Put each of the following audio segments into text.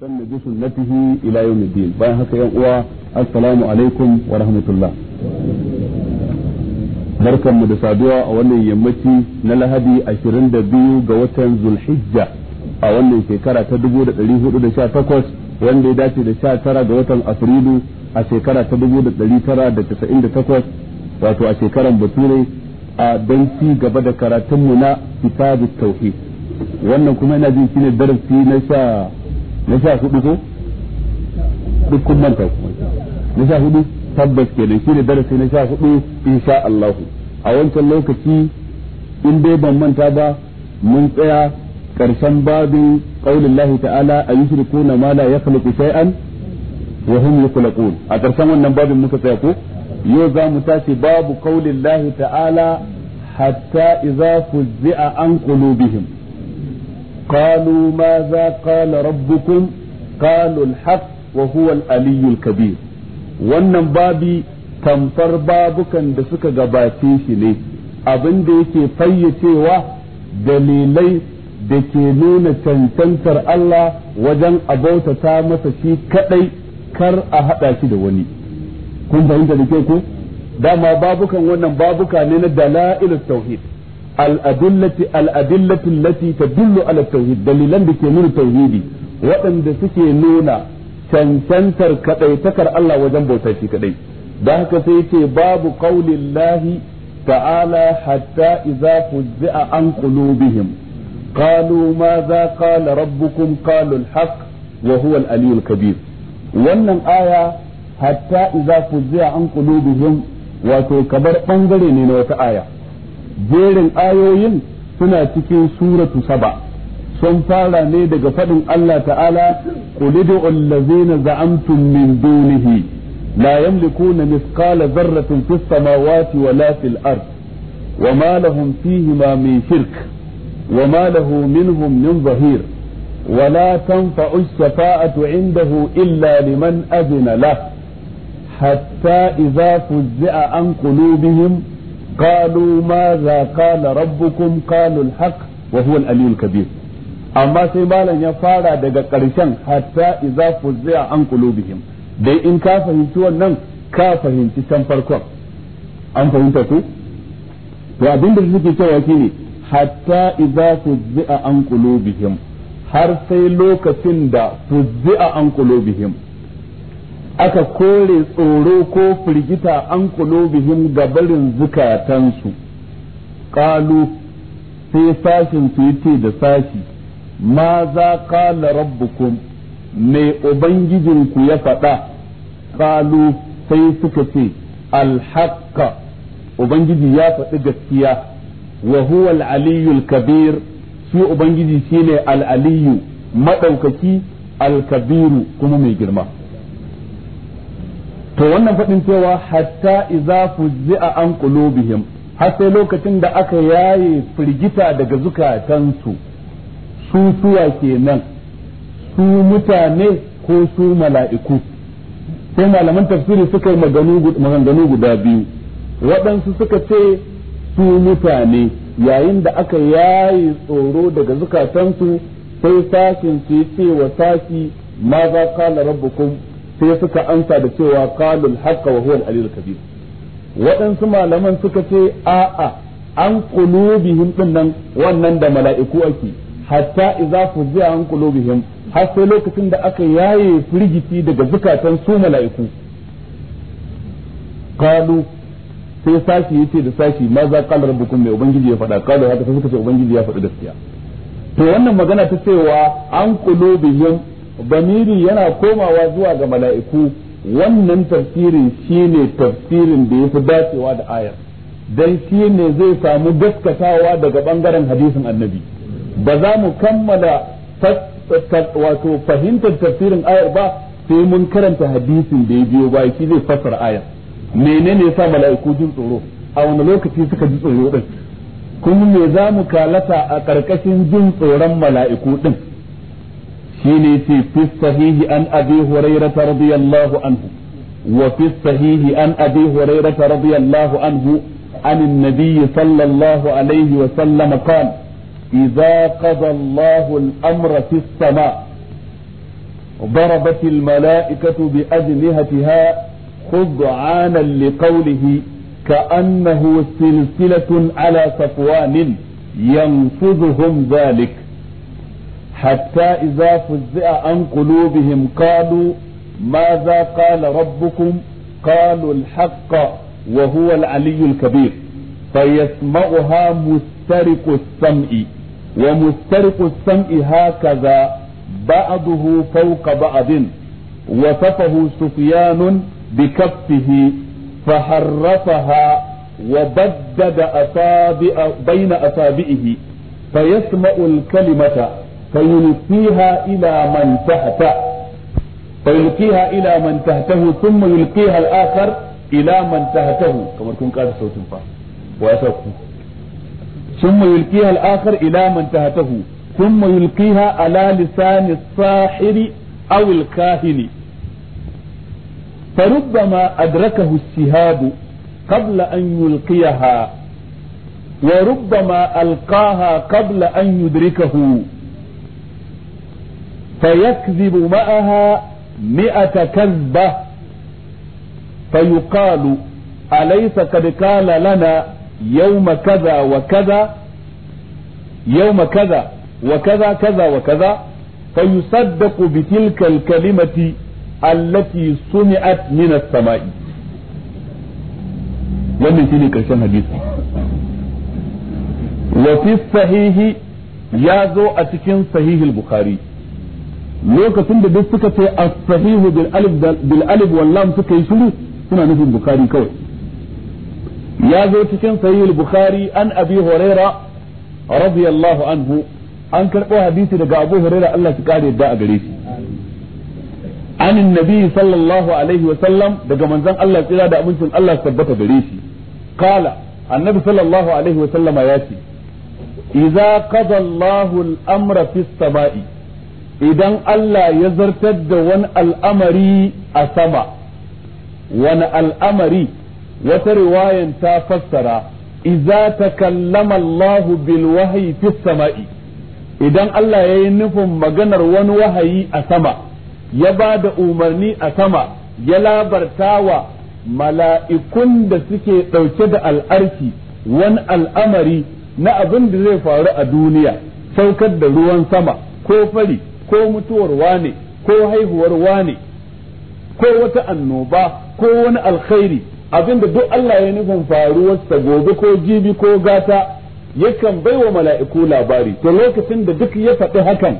na bi sunnatihi ila yawmiddin bayan haka yan uwa assalamu alaikum wa rahmatullah mu da saduwa a wannan yammaci na lahadi 22 ga watan zulhijja a wannan shekara ta 1418 wanda ya dace da 19 ga watan afrilu a shekara ta 1998 wato a shekaran bature a don ci gaba da karatunmu na kitabu tauhid wannan kuma ina jin shine darasi na sha na sha hudu ko duk manta kuma na sha hudu tabbas kenan shine darasi na sha hudu insha Allah a wancan lokaci in dai ban manta ba mun tsaya karshen babin qaulin Allah ta'ala mala ma la yakhluqu shay'an wa hum yukhlaqun a karshen wannan babin muka tsaya ko yau za mu tashi babu qaulin ta'ala hatta idza fuzzi'a an qulubihim قالوا ماذا قال ربكم قالوا الحق وهو العلي الكبير wannan babi tamfar babukan da suka gabace shi ne abin da yake fayyacewa dalilai da ke nuna cancantar Allah wajen abautata masa shi kadai kar a haɗa shi da wani kun fahimta da ke ko dama babukan wannan babuka ne na Dala'ilu tauhid al'adillati al'adillati allati tadullu ala tauhid dalilan da ke nuna tauhidi waɗanda suke nuna cancantar kadaitakar Allah wajen bauta shi kadai da haka sai ce babu qaulillahi ta'ala hatta idza fuzza an qulubihim qalu za qala rabbukum qalu al-haq wa huwa kabir wannan aya hatta idza fuzza an qulubihim wato kamar ɓangare ne na wata aya jerin ayoyin suna cikin suratu saba sun fara ne daga faɗin Allah ta'ala qul ud'ul ladzina za'amtum min dunihi la yamlikuna mithqala dharratin fis samawati wala fil ard وما لهم فيهما من شرك وما له منهم من ظهير ولا تنفع الشفاعة عنده إلا لمن أذن له حتى إذا فزع عن قلوبهم قالوا ماذا قال ربكم قالوا الحق وهو الألي الكبير amma sai malam ya fara daga ƙarshen hatta idza fuzza an qulubihim dai in ka fahimci wannan ka fahimci can farkon an fahimta to abin da suke cewa shine hatta idza fuzza an qulubihim har sai lokacin da fuzza an qulubihim aka kore tsoro ko firgita an kulo bihin gabarin zukatansu qalu sai sashin su yace da sashi ma za qala rabbukum me ubangijinku ya faɗa qalu sai suka ce alhaqqa ubangiji ya faɗi gaskiya wa huwa al-aliyyul kabir shi ubangiji shine al-aliyyu madaukaki al-kabiru kuma mai girma to wannan faɗin cewa hatta iza fuzzi'a an qulubihim har sai lokacin da aka yaye firgita daga zukatansu su suwa kenan su mutane ko su mala'iku sai malaman tafsiri suka yi maganganu guda biyu waɗansu suka ce su mutane yayin da aka yaye tsoro daga zukatansu sai sashin ce ce wa sashi ma za kala rabbukum sai suka ansa da cewa qalul haqqa wa huwa al-alil kabir waɗansu malaman suka ce a'a an qulubihim dinnan wannan da mala'iku ake hatta idza fuzi'a an qulubihim har sai lokacin da aka yaye firgiti daga zukatan su mala'iku qalu sai sashi yace da sashi ma za qala rabbukum mai ubangiji ya faɗa qalu haka suka ce ubangiji ya faɗi gaskiya to wannan magana ta cewa an qulubihim bamiri yana komawa zuwa ga mala'iku wannan tafsirin shine tafsirin da yafi dacewa da ayar dan shi ne zai samu gaskatawa daga bangaren hadisin annabi ba za mu kammala wato fahimtar tafsirin ayar ba sai mun karanta hadisin da ya biyo baya shi zai fassara ayar menene yasa mala'iku jin tsoro a wani lokaci suka ji tsoro din kuma me za mu kalata a karkashin jin tsoron mala'iku din في في الصحيح عن أبي هريرة رضي الله عنه وفي الصحيح عن أبي هريرة رضي الله عنه عن النبي صلى الله عليه وسلم قال إذا قضى الله الأمر في السماء ضربت الملائكة بأجنهتها خضعانا لقوله كأنه سلسلة على صفوان ينفذهم ذلك حتى إذا فزئ عن قلوبهم قالوا ماذا قال ربكم قالوا الحق وهو العلي الكبير فيسمعها مسترق السمع ومسترق السمع هكذا بعضه فوق بعض وصفه سفيان بكفه فحرفها وبدد أصابع بين أصابعه فيسمع الكلمة فيلقيها إلى من تحته فيلقيها إلى من تحته ثم يلقيها الآخر إلى من تحته كما تكون قاعدة صوت وأسفه ثم يلقيها الآخر إلى من تحته ثم يلقيها على لسان الساحر أو الكاهن فربما أدركه الشهاب قبل أن يلقيها وربما ألقاها قبل أن يدركه فيكذب معها مئة كذبة فيقال أليس قد قال لنا يوم كذا وكذا يوم كذا وكذا كذا وكذا فيصدق بتلك الكلمة التي سمعت من السماء لم shine karshen hadisi وفي fi sahihi ya zo a lokacin da duk suka ce as-sahihu bil alif bil alif suka yi shiru suna nufin bukhari kawai ya zo cikin sahih bukhari an abi huraira radiyallahu anhu an karɓo hadisi daga abu huraira Allah ya kare da a gare shi an annabi sallallahu alaihi wa sallam daga manzon Allah ya tsira da abincin Allah tabbata gare shi qala annabi sallallahu alaihi wa sallama ya ce idza qada Allahu al-amra fi as-sama'i idan Allah ya zartar da wani al'amari a sama wani al'amari wata riwayan ta fassara iza kallama Allah bil wahyi fi sama'i idan Allah ya yi nufin maganar wani wahayi a sama ya ba da umarni a sama ya labarta wa mala'ikun da suke ɗauke da al'arki wani al'amari na abin da zai faru a duniya saukar da ruwan sama ko fari ko mutuwar wane ko haihuwar wane ko wata annoba ko wani alkhairi abinda duk Allah ya nufin sa gobe ko jibi ko gata yakan baiwa mala'iku labari to lokacin da duk ya faɗi hakan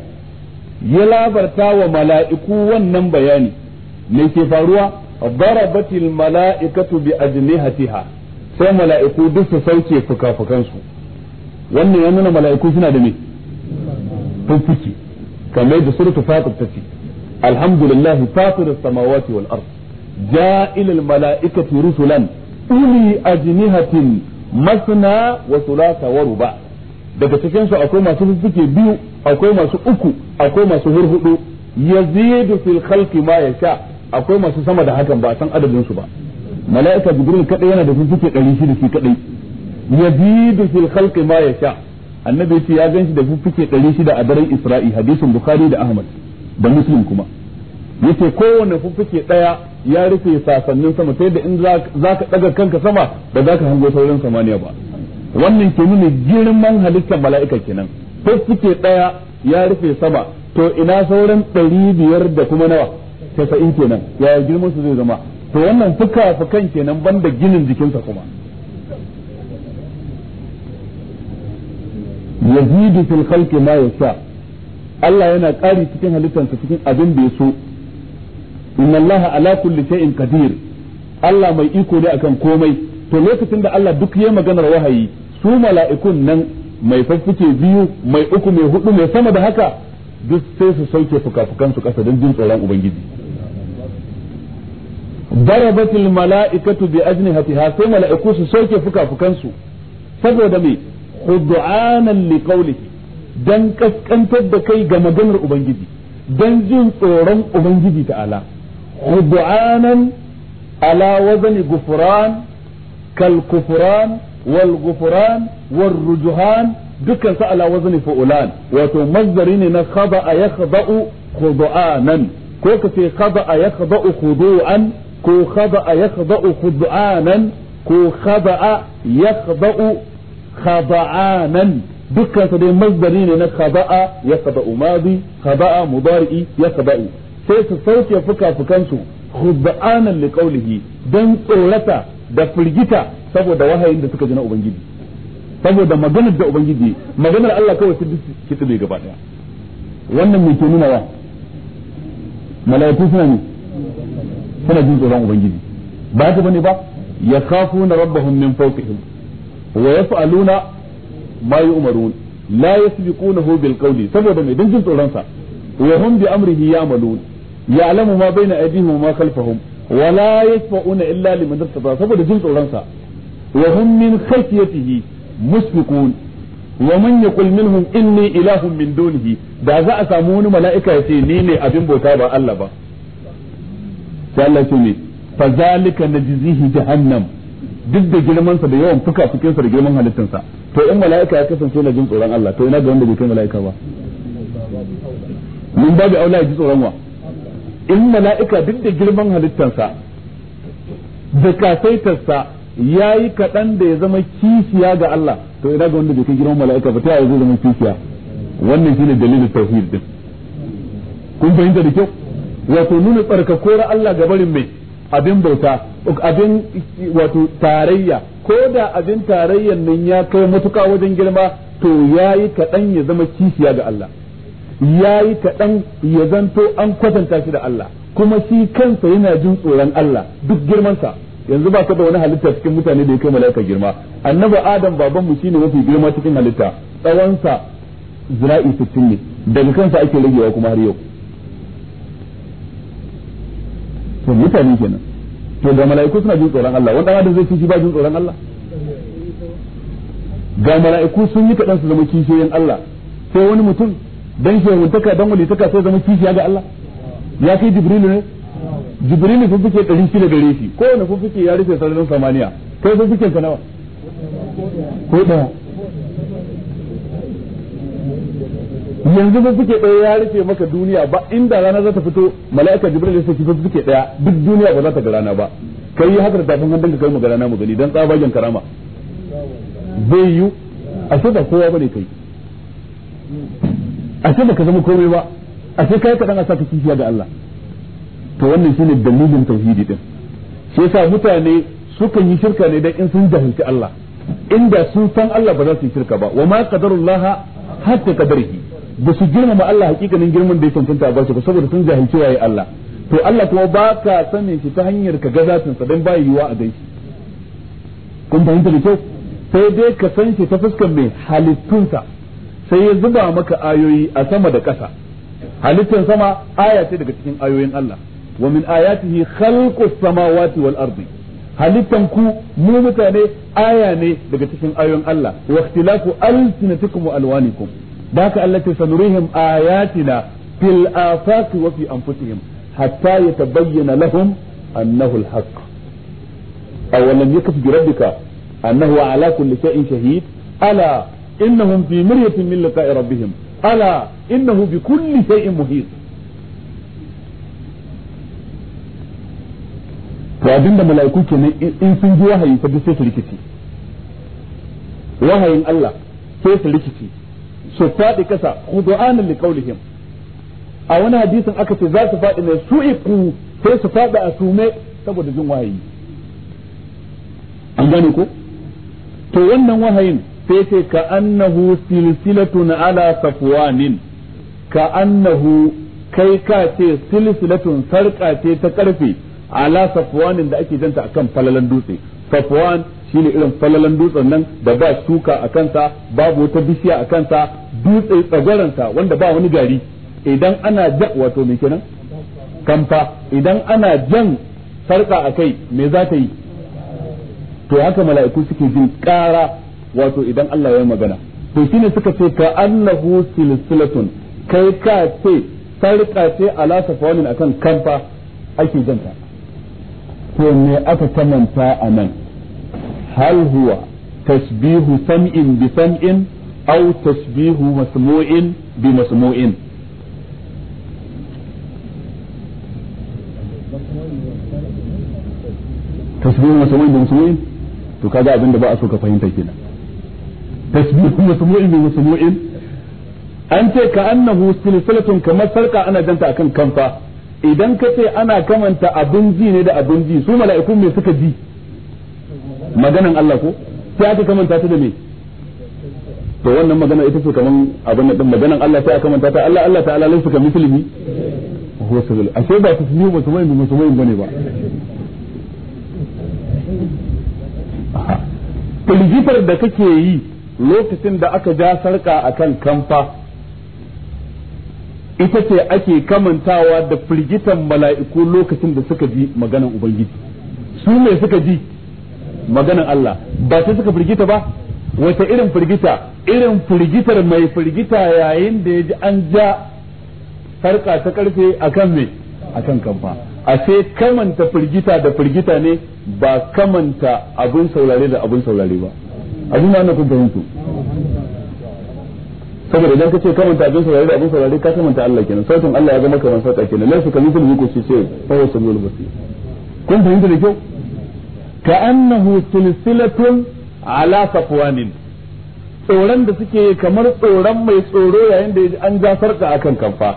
ya labarta wa mala'iku wannan bayani me ke faruwa darabatil mala'ikatu bi ajnihatiha sai mala'iku duk su sauke fuka-fukansu wannan ya nuna mala'iku suna da me fufuki kamai da suratu fatir tace alhamdulillah fatir as-samawati wal ard ja'il al-mala'ikati rusulan uli ajnihatin masna wa thulatha wa ruba daga cikinsu akwai masu fuffuke biyu akwai masu uku akwai masu hurhudu yazidu fil khalqi ma yasha akwai masu sama da hakan ba san adadin su ba mala'ika jibril kadai yana da fuffuke 600 shi kadai yazidu fil khalqi ma yasha annabi ce ya ganshi da fuffuke 600 a daren Isra'i hadisin Bukhari da Ahmad da Muslim kuma yace kowanne fuffuke daya ya rufe sasannin sama sai da in zaka daga kanka sama da zaka hango sauran samaniya ba wannan ke nuna girman halittar mala'ika kenan fuffuke daya ya rufe sama to ina sauran ɗari biyar da kuma nawa tasa'in kenan yaya girman su zai zama to wannan fuka fukan kenan banda ginin jikinsa kuma yazidu fil khalqi ma yasha Allah yana ƙari cikin halittarsa cikin abin da ya so inna Allah ala kulli shay'in qadir Allah mai iko ne akan komai to lokacin da Allah duk yayi maganar wahayi su mala'ikun nan mai faffice biyu mai uku mai hudu mai sama da haka duk sai su sauke fukafukan su kasa don jin tsoron ubangiji darabatil mala'ikatu bi ajnihatiha sai mala'iku su sauke fukafukan su saboda me خدعانا لقوله دان كسكنتد كي غمغنر أبنجدي دان جين طورم أبنجدي تعالى خدعانا على وزن غفران كالكفران والغفران والرجهان دكا على وزن فؤلان وتمزرين نخضع يخضأ خدعانا كوك في خضع يخضأ خضوعا كو خضع يخضأ خدعانا كو خضع يخضأ khada'anan dukkan su dai masdari ne na khada'a ya khada'u madi khada'a mudari'i ya khada'u sai su sauke fuka-fukan su khuda'anan li qawlihi dan tsorata da firgita saboda wahayin da suka ji na ubangiji saboda maganar da ubangiji maganar Allah kawai su ki tsaye gaba daya wannan me ke nuna wa mala'iku suna ne suna jin tsoron ubangiji ba haka bane ba na rabbahum min fawqihim wa yaf'aluna ma yu'marun la yasbiqunahu bil qawli saboda mai dangin tsoron sa wa hum bi amrihi ya'malun ya'lamu ma baina aydihim wa ma khalfahum wa la yashfa'una illa liman irtada saboda jin tsoron sa wa hum min khashyatihi mushfiqun wa man yaqul minhum inni ilahun min dunihi da za a samu wani mala'ika ya ce ni ne abin bauta ba Allah ba sai Allah ce ne fa zalika najzihi jahannam duk da girmansa da yawan fuka cikinsa da girman halittinsa to in mala'ika ya kasance na jin tsoron Allah to ina ga wanda bai kai mala'ika ba ba babu aula ya ji tsoron wa in mala'ika duk da girman halittansa da kasaitarsa ya yi kaɗan da ya zama kishiya ga Allah to ina ga wanda bai kai girman mala'ika ba ta yaya zai zama kishiya wannan shine dalilin tauhid din kun fahimta da kyau wato nuna tsarkakuwar Allah ga barin mai abin bauta abin wato tarayya ko da abin tarayyan nan ya kai matuka wajen girma to yayi kaɗan ya zama kishiya ga Allah yayi kaɗan ya zanto an kwatanta shi da Allah kuma shi kansa yana jin tsoron Allah duk girmansa yanzu ba ka da wani halitta cikin mutane da ya kai mala'ika girma annabi adam babanmu shine mafi girma cikin halitta tsawonsa zira'i 60 ne daga kansa ake ragewa kuma har yau to mutane kenan to ga mala'iku suna jin tsoron Allah wanda adam zai kishi ba jin tsoron Allah ga mala'iku sun yi kadan su zama kishiyoyin Allah sai wani mutum dan shehuntaka dan walitaka sai zama kishiya ga Allah ya kai jibrilu ne jibrilu fuffuke 600 gare shi kowane fuffuke ya rufe sararin samaniya kai fuffuken ka nawa ko daya yanzu ba fuke ɗaya ya rufe maka duniya ba inda rana za ta fito mala'ika jibril ya kifi fuke ɗaya duk duniya ba za ta ga rana ba kai yi haka da tafin hannun ka kai mu ga rana mu gani dan tsabagen karama zai yi ashe ba kowa bane kai a ashe ba ka zama komai ba a ce kai ka dan asa ka kifiya ga Allah to wannan shine dalilin tauhidi din shi yasa mutane sukan yi shirka ne dan in sun jahilci Allah inda sun san Allah ba za su yi shirka ba wa ma qadarullaha hatta qadarihi ba su girmama Allah hakikanin girman da ya cancanta a bashi ba saboda sun jahilci waye Allah to Allah kuma ba ka sanin shi ta hanyar ka gazatin sa dan ba yiwa a gaishe kun fahimta da kyau sai dai ka san shi ta fuskar mai halittunsa sai ya zuba maka ayoyi a sama da ƙasa halittun sama aya ce daga cikin ayoyin Allah wa min ayatihi khalqus samawati wal ardi halittan ku mu mutane aya ne daga cikin ayoyin Allah wa ikhtilafu alsinatikum wa alwanikum da haka Allah ce sanurihim ayatina fil afaqi wa fi anfusihim hatta yatabayyana lahum annahu al-haqq awalam yakfi bi rabbika annahu ala kulli shay'in shahid ala innahum fi miryatin min liqa'i rabbihim ala innahu bi kulli shay'in muhit to abinda mala'iku kenan in sun ji wahayi fa wahayin Allah sai su faɗi kasa khudu'anan li qawlihim a wani hadisin aka ce za su faɗi mai su'iqu sai su faɗi a sume saboda jin wahayi an gane ko to wannan wahayin sai ce ka annahu silsilatun ala safwanin ka annahu kai ka ce silsilatun sarka ce ta ƙarfe ala safwanin da ake janta akan falalan dutse safwan shine irin falalan dutsen nan da ba shuka a kansa babu wata bishiya a kansa dutse tsagaranta wanda ba wani gari idan ana ja wato me kenan kamfa idan ana jan sarka a kai me za ta yi to haka mala'iku suke jin kara wato idan Allah ya magana to shine suka ce ka annahu silsilatun kai ka ce sarka ce ala safawin akan kamfa ake janta to me aka kamanta a nan هل هو تشبيه سمع بسمع أو تشبيه مسموع بمسموع تشبيه مسموع بمسموع to kaga abin da ba a so ka fahimta kenan tasbihu masmu'in bi masmu'in an ce ka annahu silsilatun kamar sarka ana janta akan kanfa idan ka ce ana kamanta abin ji ne da abin ji su mala'ikun me suka ji maganan Allah ko sai aka kamanta ta da me to wannan magana ita ce kaman abin da maganan Allah sai aka kamanta ta Allah Allah ta'ala laysa ka muslimi huwa sabil ashe ba mutum musulmai mutum musulmai bane ba kulgifar da kake yi lokacin da aka ja sarka akan kamfa ita ce ake kamantawa da firgitan mala'iku lokacin da suka ji maganan ubangiji su ne suka ji maganan Allah ba sai suka firgita ba wata irin firgita irin firgitar mai firgita yayin da ya ji an ja farka ta karfe akan me akan kamfa a sai kamanta firgita da firgita ne ba kamanta abin saurare da abin saurare ba abin ma wannan kun fahimtu saboda idan ka ce kamanta abin saurare da abin saurare ka kamanta Allah kenan sautin Allah ya zama kamar sauka kenan laisa kamithlihi sai fa wasu samiul basir kun fahimta da kyau كأنه سلسلة على صفوان tsoron da suke kamar tsoron mai tsoro yayin da an ja sarka akan kamfa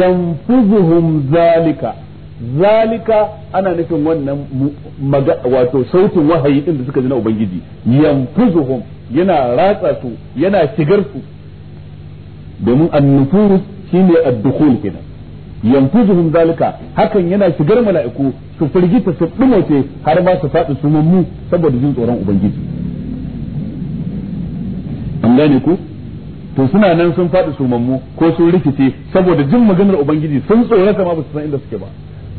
yanfuzuhum zalika zalika ana nufin wannan wato sautin wahayi din da suka ji na ubangiji yanfuzuhum yana ratsa su yana shigar su domin annufuru shine ad-dukhul kenan yanfuzuhum zalika hakan yana shigar mala'iku su firgita su dumoce har ba su faɗi su mu saboda jin tsoron ubangiji an gane ku to suna nan sun faɗi su mu ko sun rikice saboda jin maganar ubangiji sun tsorata ma ba su san inda suke ba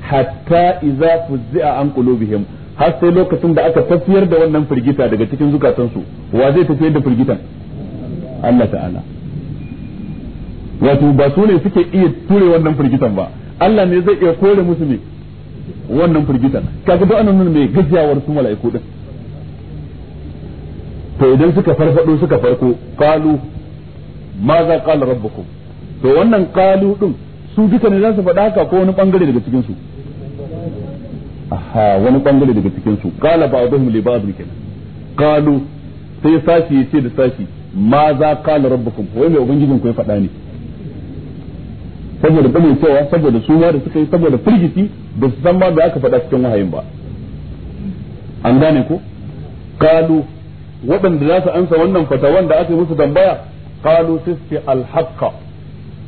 hatta idza fuzzi'a an qulubihim har sai lokacin da aka tafiyar da wannan firgita daga cikin zukatansu wa zai tafiyar da firgitan Allah ta'ala wato ba su ne suke iya ture wannan firgitan ba Allah ne zai iya kore musu ne wannan firgitan kaga duk annan nan mai gajiyawar su mala'iku din to idan suka farfado suka farko qalu ma za qala rabbukum to wannan qalu din su duka ne za su faɗa haka ko wani bangare daga cikin su aha wani bangare daga cikin su qala ba'dhum li ba'd kenan qalu sai sashi yace da sashi ma za qala rabbukum wai mai ubangijin ku ya faɗa ne saboda gane cewa saboda suna da suka yi saboda firgiti da su san ma da aka faɗa cikin wahayin ba an gane ku. kalu waɗanda za su ansa wannan fatawan da aka yi musu tambaya kalu sai alhaqqa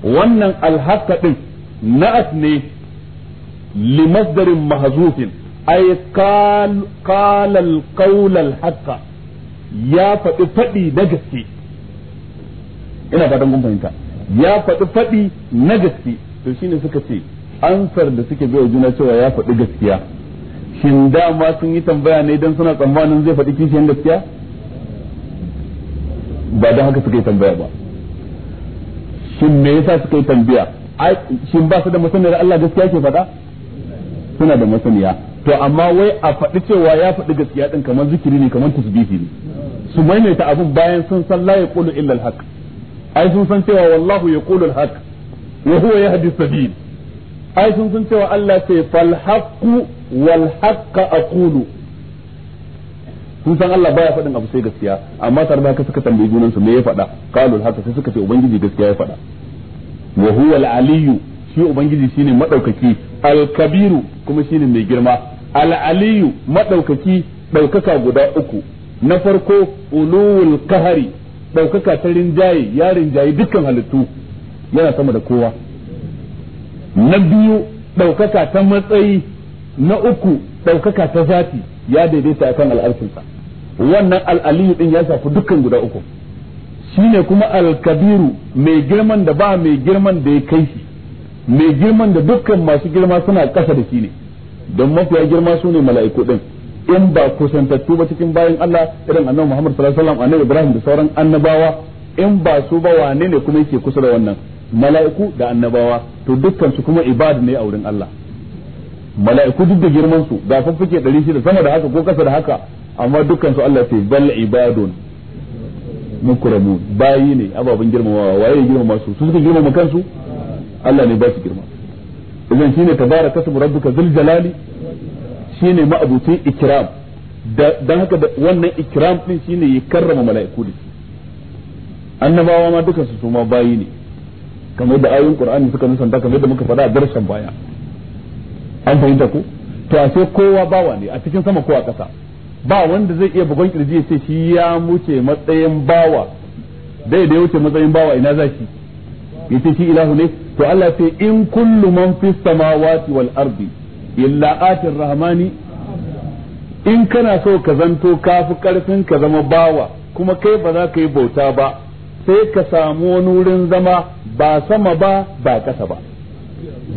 wannan alhaqqa din na'at ne limasdarin mahzufin ay qala alqawl alhaqqa ya faɗi faɗi da gaske ina fatan kun fahimta ya faɗi faɗi na gaske to shine suka ce ansar da suke bai juna cewa ya faɗi gaskiya shin dama sun yi tambaya ne dan suna tsammanin zai faɗi kishiyan gaskiya ba da haka suka yi tambaya ba shin me yasa suka yi tambaya shin ba su da masaniyar Allah gaskiya ke faɗa suna da masaniya to amma wai a faɗi cewa ya faɗi gaskiya din kamar zikiri ne kamar tasbihi ne su maimaita abun bayan sun san la yaqulu illa al ai sun san cewa wallahu yaqulu al-haq wa huwa yahdi sabil ai sun san cewa Allah ce fal haqqu wal haqq aqulu sun san Allah baya faɗin abu sai gaskiya amma tare da haka suka tambayi junan su me ya faɗa qalu alhaq sai suka ce ubangiji gaskiya ya faɗa wa huwa al aliyu shi ubangiji shine madaukaki al kabiru kuma shine mai girma al aliyu madaukaki daukaka guda uku na farko ulul kahari ɗaukaka ta rinjaye ya rinjaye dukkan halittu yana sama da kowa na biyu ɗaukaka ta matsayi na uku ɗaukaka ta zafi ya daidaita akan al'arshinsa wannan al'aliyu din ya shafi dukkan guda uku shi ne kuma alkabiru mai girman da ba mai girman da ya kai shi mai girman da dukkan masu girma suna ƙasa da shi ne don mafiya girma su ne mala'iku din in ba kusantattu ba cikin bayan Allah irin annabi Muhammad sallallahu alaihi wasallam annabi Ibrahim da sauran annabawa in ba su ba wane ne kuma yake kusa da wannan mala'iku da annabawa to dukkan su kuma ibada ne a wurin Allah mala'iku duk da girman su ga fuffuke 600 sama da haka ko kasa da haka amma dukkan su Allah ce bal ibadun mukramu bayi ne ababen girmamawa waye girmama su su suka girmama kansu Allah ne ba su girma idan shine tabaraka rabbuka zul jalali shine ma'abucin ikram dan haka wannan ikram din shine ya karrama mala'iku da shi annabawa ma duka su ma bayi ne kamar da ayoyin qur'ani suka nusanta kamar da muka faɗa a darsan baya an fahimta ko to a sai kowa bawa ne a cikin sama ko a ƙasa ba wanda zai iya bugon kirji ya ce shi ya muce matsayin bawa dai da ya wuce matsayin bawa ina za shi yace shi ilahu ne to Allah sai in kullu man fis samawati wal ardi illa rahmani in kana so ka zanto kafi karfin ka zama bawa kuma kai ba za ka yi bauta ba sai ka samu wani wurin zama ba sama ba ba kasa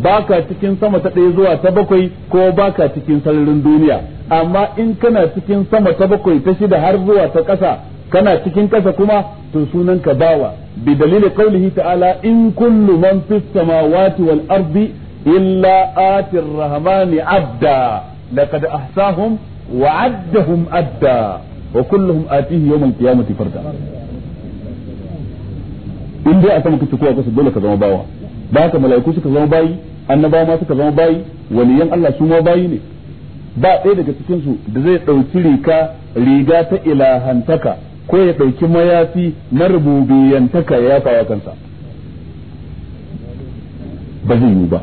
ba ka cikin sama ta ɗaya zuwa ta bakwai ko ka cikin sararin duniya amma in kana cikin sama ta bakwai ta shida har zuwa ta ƙasa kana cikin ƙasa kuma to sunan ka bawa bi dalili qaulihi ta'ala in kullu man fis samawati wal ardi illa atir rahmani abda laqad ahsahum wa addahum adda wa kulluhum atihi yawm al-qiyamati farda in dai aka kace cikowa kasu dole ka zama bawa ba ka mala'iku suka zama bayi annabawa ma suka zama bayi waliyan Allah su ma bayi ne ba ɗaya daga cikin su da zai ɗauki riga riga ta ilahantaka ko ya ɗauki mayafi na rububiyantaka ya fawa kansa ba zai yi ba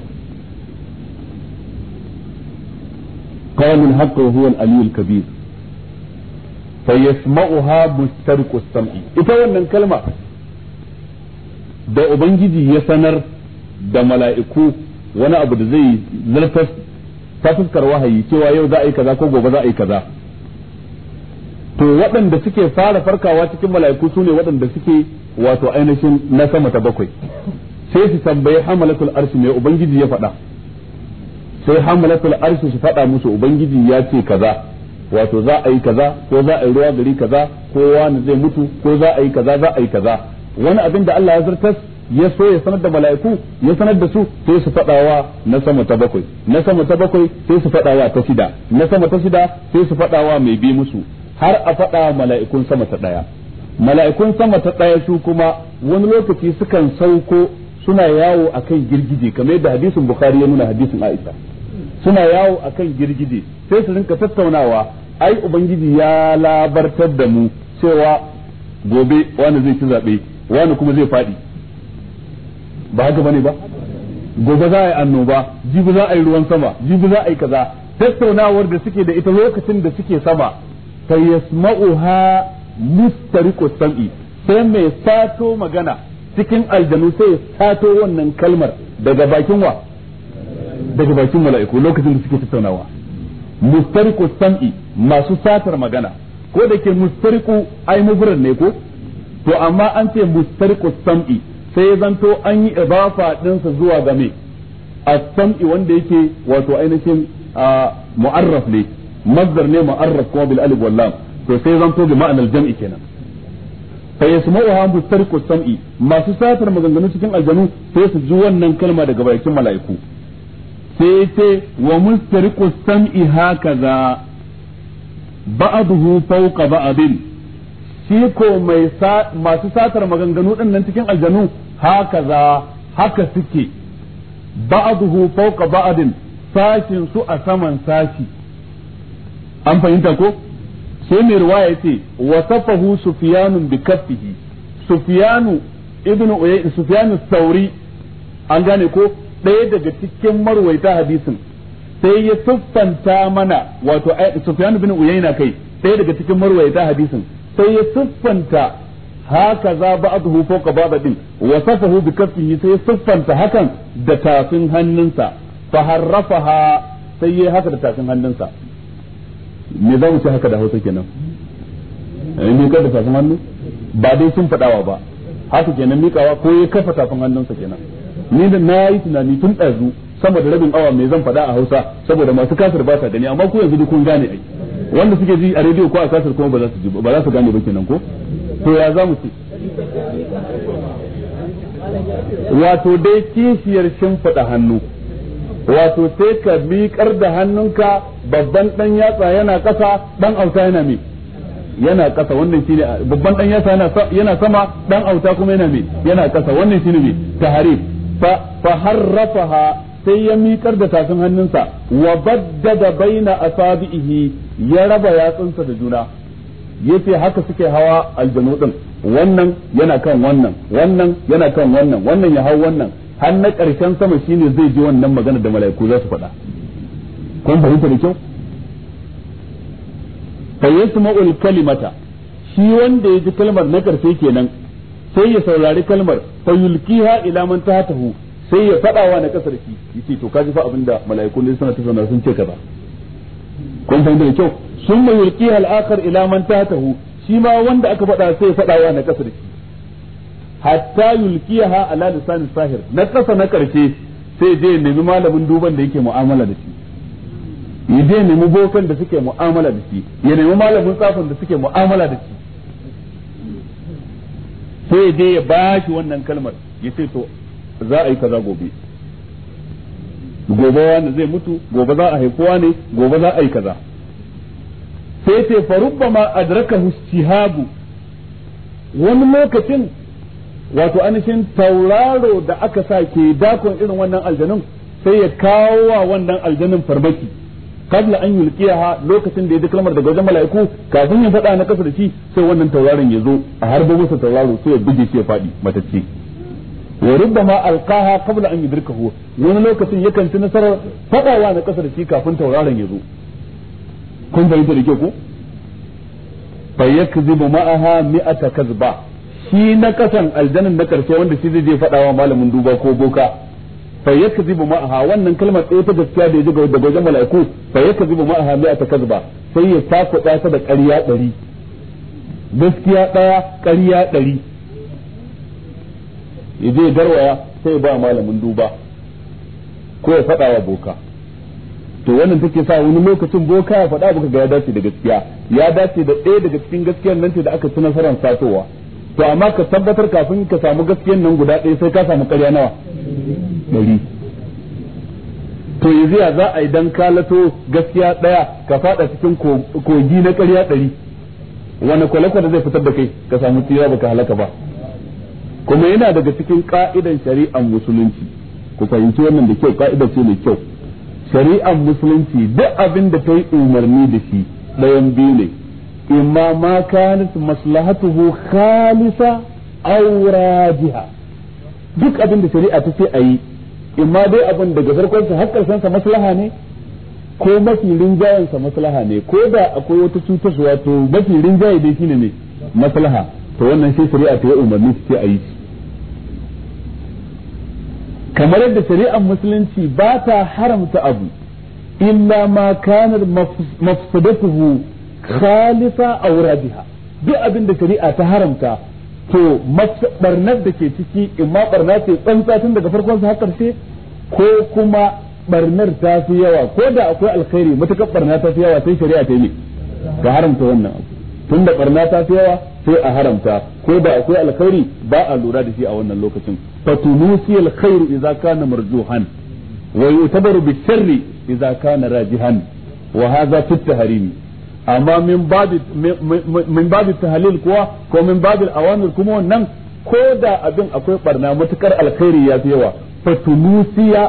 قال الحق وهو العلي الكبير فيسمعها مسترق السمع ita wannan kalma da ubangiji ya sanar da mala'iku wani abu da zai zartar ta fuskar wahayi cewa yau za a yi kaza ko gobe za a yi kaza to waɗanda suke fara farkawa cikin mala'iku su ne waɗanda suke wato ainihin na sama ta bakwai sai su tambayi hamalatul arshi ne ubangiji ya faɗa sai hamalatul arshi su faɗa musu ubangiji ya ce kaza wato za a yi kaza ko za a yi ruwa gari kaza ko wani zai mutu ko za a yi kaza za a yi kaza wani abin da Allah ya zartas ya so ya sanar da mala'iku ya sanar da su sai su faɗawa na sama ta bakwai na sama ta bakwai sai su faɗawa ta shida na sama ta shida sai su faɗawa mai bi musu har a faɗa mala'ikun sama ta ɗaya mala'ikun sama ta ɗaya su kuma wani lokaci sukan sauko suna yawo akan girgije kamar yadda hadisin bukhari ya nuna hadisin aisha suna yawo a kan girgije sai su rinka tattaunawa ai ubangiji ya labartar da mu cewa gobe wani zai ci zabe wani kuma zai fadi ba haka bane ba gobe za a yi annoba jibi za a yi ruwan sama jibi za a yi kaza tattaunawar da suke da ita lokacin da suke sama ta yasma'uha mustariqu sam'i sai mai sato magana cikin aljanu sai ya sato wannan kalmar daga bakin wa daga bakin mala'iku lokacin da suke tattaunawa mustariku sam'i masu satar magana ko da ke mustariku ai mubran ne ko to amma an ce mustariku sam'i sai ya zanto an yi idafa dinsa zuwa ga me sami wanda yake wato ainihin mu'arraf ne mazdar ne mu'arraf kuma bil alif wal lam to sai zanto bi ma'anar jam'i kenan fa yasma'uha mustariqu sam'i masu satar maganganu cikin aljanu sai su ji wannan kalma daga bakin mala'iku sai yace wa mustariqu sam'i hakaza ba'dahu fawqa ba'din shi ko mai masu satar maganganu din nan cikin aljanu hakaza haka suke ba'dahu fawqa ba'din sashin su a saman sashi an fahimta ko sai mai ruwa riwaya yace wasafahu sufyanun bi kaffihi sufiyanu ibnu uyay sufiyanu sauri an gane ko ɗaya daga cikin marwaita hadisin sai ya siffanta mana wato eh, sufyanu bin na kai ɗaya daga cikin marwaita hadisin sai ya siffanta haka za ba'dhu fawqa ba'dhin wa safahu bi kaffihi sai ya siffanta hakan da tafin hannunsa fa harrafaha sai ya haka da tafin hannunsa me za mu ce haka da hausa kenan ne eh, ka da tafin hannu ba dai sun fadawa ba haka kenan mikawa ko ya kafa tafin hannunsa kenan ni da na yi tunani tun ɗazu sama da rabin awa me zan faɗa a hausa saboda masu kasar ba sa gani amma ko yanzu duk kun gane ai wanda suke ji a rediyo ko a kasar kuma ba za su ji ba za su gane ba kenan ko to ya za mu ce wato dai kishiyar shin faɗa hannu wato sai ka miƙar da hannunka babban dan yatsa yana ƙasa dan auta yana mi yana ƙasa wannan shine babban dan yatsa yana yana sama dan auta kuma yana mi yana ƙasa wannan shine mi tahrif fa fa harrafaha sai ya miƙar da tafin hannunsa wa baddada baina asabihi ya raba yatsunsa da juna yace haka suke hawa aljanu din wannan yana kan wannan wannan yana kan wannan wannan ya hau wannan har na karshen sama shine zai ji wannan magana da mala'iku za su faɗa kun fahimta da kyau fa yasma'ul kalimata shi wanda ya ji kalmar na karshe kenan sai ya saurari kalmar fa yulkiha ila man tahtahu sai ya faɗa wa na kasar shi yace to kaji fa abinda mala'iku ne suna tattauna sun ce kaza kun fahimta da kyau sun yulkiha al-akhar ila man tahtahu shi ma wanda aka faɗa sai ya faɗa wa na kasar shi hatta yulkiyaha ala lisan sahir na kasa na karshe sai je nemi malamin duban da yake mu'amala da shi ya je nemi bokan da suke mu'amala da shi ya nemi malamin tsafin da suke mu'amala da shi sai je ya bashi wannan kalmar ya ce to za a yi kaza gobe gobe wanda zai mutu gobe za a haifuwa ne gobe za a yi kaza sai ce farubba ma adraka shihabu wani lokacin wato anishin tauraro da aka sa ke dakon irin wannan aljanun sai ya kawo wa wannan aljanun farmaki kabla an yulqiyaha lokacin da ya ji kalmar daga wajen mala'iku kafin ya faɗa na kasa da shi sai wannan tauraron ya zo a harbo masa tauraro sai ya buge shi ya faɗi matacce wa rubbama alqaha qabla an yudrikahu wani lokacin yakan ci nasarar faɗawa na kasa da shi kafin tauraron ya zo kun fahimta da kyau ko fa yakzibu ma'aha mi'ata kazba shi na kasan aljanin na karshe wanda shi zai je faɗawa malamin duba ko boka fa yakzibu ma'aha wannan kalmar tsaye ta gaskiya da yaji ga wajen mala'iku fa yakzibu ma'aha mai ta kazba sai ya takuɗa ta da ƙarya ɗari gaskiya ɗaya ƙarya ɗari ya je garwaya sai ba malamin duba ko ya faɗawa boka to wannan take sa wani lokacin boka ya faɗa baka ga ya dace da gaskiya ya dace da ɗaya daga cikin gaskiyar nan ce da aka ci nasarar satowa to amma ka tabbatar kafin ka samu gaskiyan nan guda ɗaya sai ka samu ƙarya nawa ɗari to yanzu ya za a yi dan kalato gaskiya ɗaya ka faɗa cikin kogi na ƙarya ɗari wani kwale-kwale zai fitar da kai ka samu tsira baka halaka ba kuma yana daga cikin ƙa'idan shari'ar musulunci ku fahimci wannan da kyau ƙa'idar ce mai kyau shari'ar musulunci duk abin da ta yi umarni da shi ɗayan biyu ne imma ma kanat maslahatuhu khalisa aw rajiha duk abin da shari'a ta ce ayi imma dai abin daga farkon sa har karshen sa maslaha ne ko mafi rinjayen sa maslaha ne ko da akwai wata cutarwa to mafi rinjaye dai shine ne maslaha to wannan sai shari'a ta yi umarni su ce a yi. kamar yadda shari'ar musulunci ba ta haramta abu illa ma kanar mafsadatuhu khalifa auradiha duk abin da shari'a ta haramta to barnar da ke ciki imma barna ce tsantsa tun daga farkon sa har ko kuma barnar ta fi yawa ko da akwai alkhairi matukar barna ta fi yawa sai shari'a ta yi ga haramta wannan abu tun da barna ta fi yawa sai a haramta ko da akwai alkhairi ba a lura da shi a wannan lokacin fatunusi alkhairu idza kana marjuhan wa yu'tabaru bisharri idza kana rajihan wa hadha fi amma min babi min tahlil kuwa ko min babi awamir kuma wannan ko da abin akwai barna matukar alkhairi ya fi yawa fatulusiya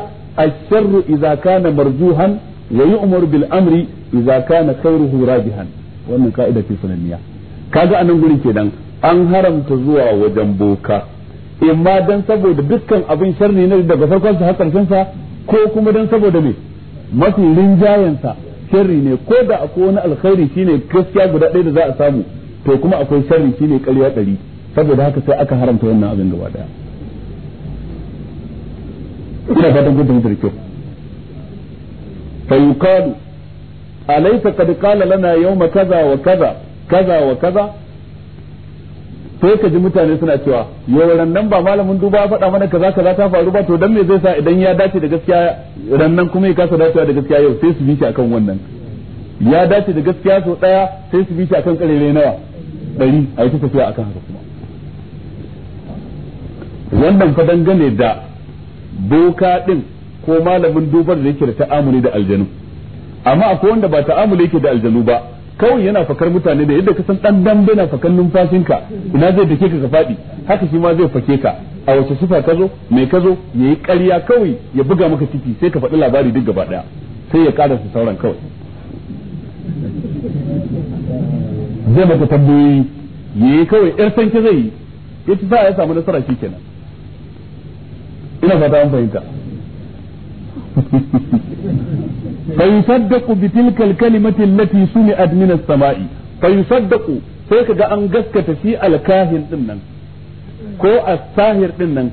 الشر إذا كان مرجوها ويؤمر بالأمر izakana كان خيره bihan. wannan ka'ida ce sananniya kaga anan gurin kenan an haramta zuwa wajen boka imma dan saboda dukkan abin sharri ne daga farkon sa har karshen sa ko kuma dan saboda me mafi rinjayen sa sharri ne ko da akwai wani alkhairi shine gaskiya guda ɗaya da za a samu to kuma akwai sharri shine ƙarya ɗari saboda haka sai aka haramta wannan abin gaba ɗaya ina fatan kun fahimta da kyau fa yuqalu alaysa qad qala lana yawma kaza wa kaza kaza wa kaza sai ka ji mutane suna cewa yau rannan ba malamin duba faɗa mana kaza kaza ta faru ba to dan me zai sa idan ya dace da gaskiya rannan kuma ya kasa dacewa da gaskiya yau sai su bi shi akan wannan ya dace da gaskiya sau daya sai su bi shi akan karere nawa ɗari a yi tafiya akan haka kuma wannan fa dangane da doka din ko malamin dubar da yake da ta'amuli da aljanu amma akwai wanda ba ta'amuli yake da aljanu ba kawai yana fakar mutane da yadda kasan san dan dambe na fakan numfashinka ina zai dake ka ka fadi haka shi ma zai fake ka a wace sifa ka zo mai ka zo yayi ƙarya kawai ya buga maka ciki sai ka faɗi labari duk gaba daya sai ya ƙara su sauran kawai zai maka tambayoyi yayi kawai yar sanke zai yi ci sa ya samu nasara kenan ina fata an fahimta فيصدق بتلك الكلمة التي سمعت من السماء فيصدق sai kaga an gaskata shi alkahin din nan ko asahir din nan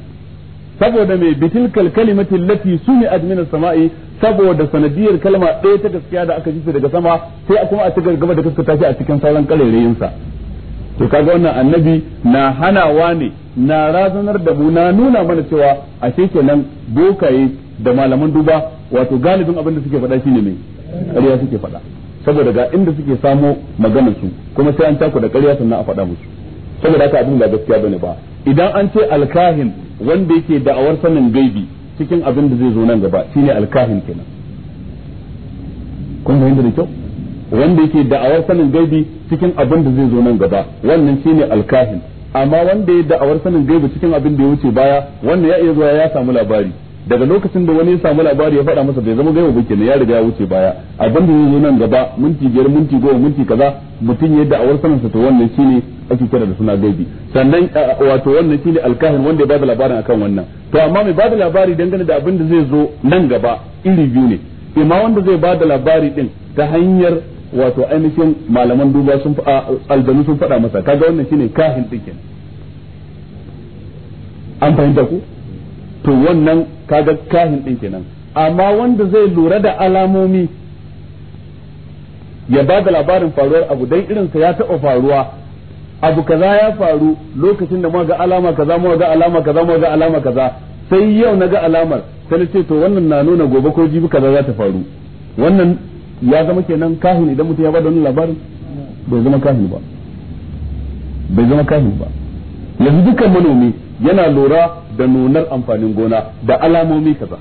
saboda mai bitil kalkalimatin lati sumi sama'i saboda sanadiyar kalma ɗaya ta gaskiya da aka ji daga sama sai kuma a cikin gaba da gaskata shi a cikin sauran kalarayin sa to kaga wannan annabi na hanawa ne na razanar da mu na nuna mana cewa a kenan bokaye da malaman duba wato galibin abin da suke faɗa shine mai ƙarya suke faɗa saboda ga inda suke samo maganar su kuma sai an tako da ƙarya sannan a faɗa musu saboda haka abin ba gaskiya bane ba idan an ce alkahin wanda yake da'awar sanin gaibi cikin abin da zai zo nan gaba shine alkahin kenan kun fahimta da kyau wanda yake da'awar sanin gaibi cikin abin da zai zo nan gaba wannan shine alkahin amma wanda ya da'awar sanin gaibi cikin abin da ya wuce baya wannan ya iya zuwa ya samu labari daga lokacin da wani ya samu labari ya faɗa masa bai zama gaiwa ba ya riga ya wuce baya abin da zai nan gaba minti biyar minti goma minti kaza mutum ya da'awar sanin sa to wannan shine ake kira da suna gaibi sannan wato wannan shine alkahin wanda ya bada labarin akan wannan to amma mai bada labari dangane da abin da zai zo nan gaba iri biyu ne amma wanda zai bada labari din ta hanyar wato ainihin malaman duba sun aljanu sun faɗa masa kaga wannan shine kahin din an fahimta ku to wannan kaga kahin din kenan amma wanda zai lura da alamomi ya ba da labarin faruwar abu dan irinsa ya taɓa faruwa abu kaza ya faru lokacin da ga alama kaza mu ga alama kaza mu ga alama kaza sai yau na ga alamar sai ce to wannan na nuna gobe ko jibi kaza za ta faru wannan ya zama kenan kahin idan mutum ya bada wannan labarin bai zama kahin ba bai zama kahin ba yanzu dukkan manomi yana lura da nunar amfanin gona da alamomi kaza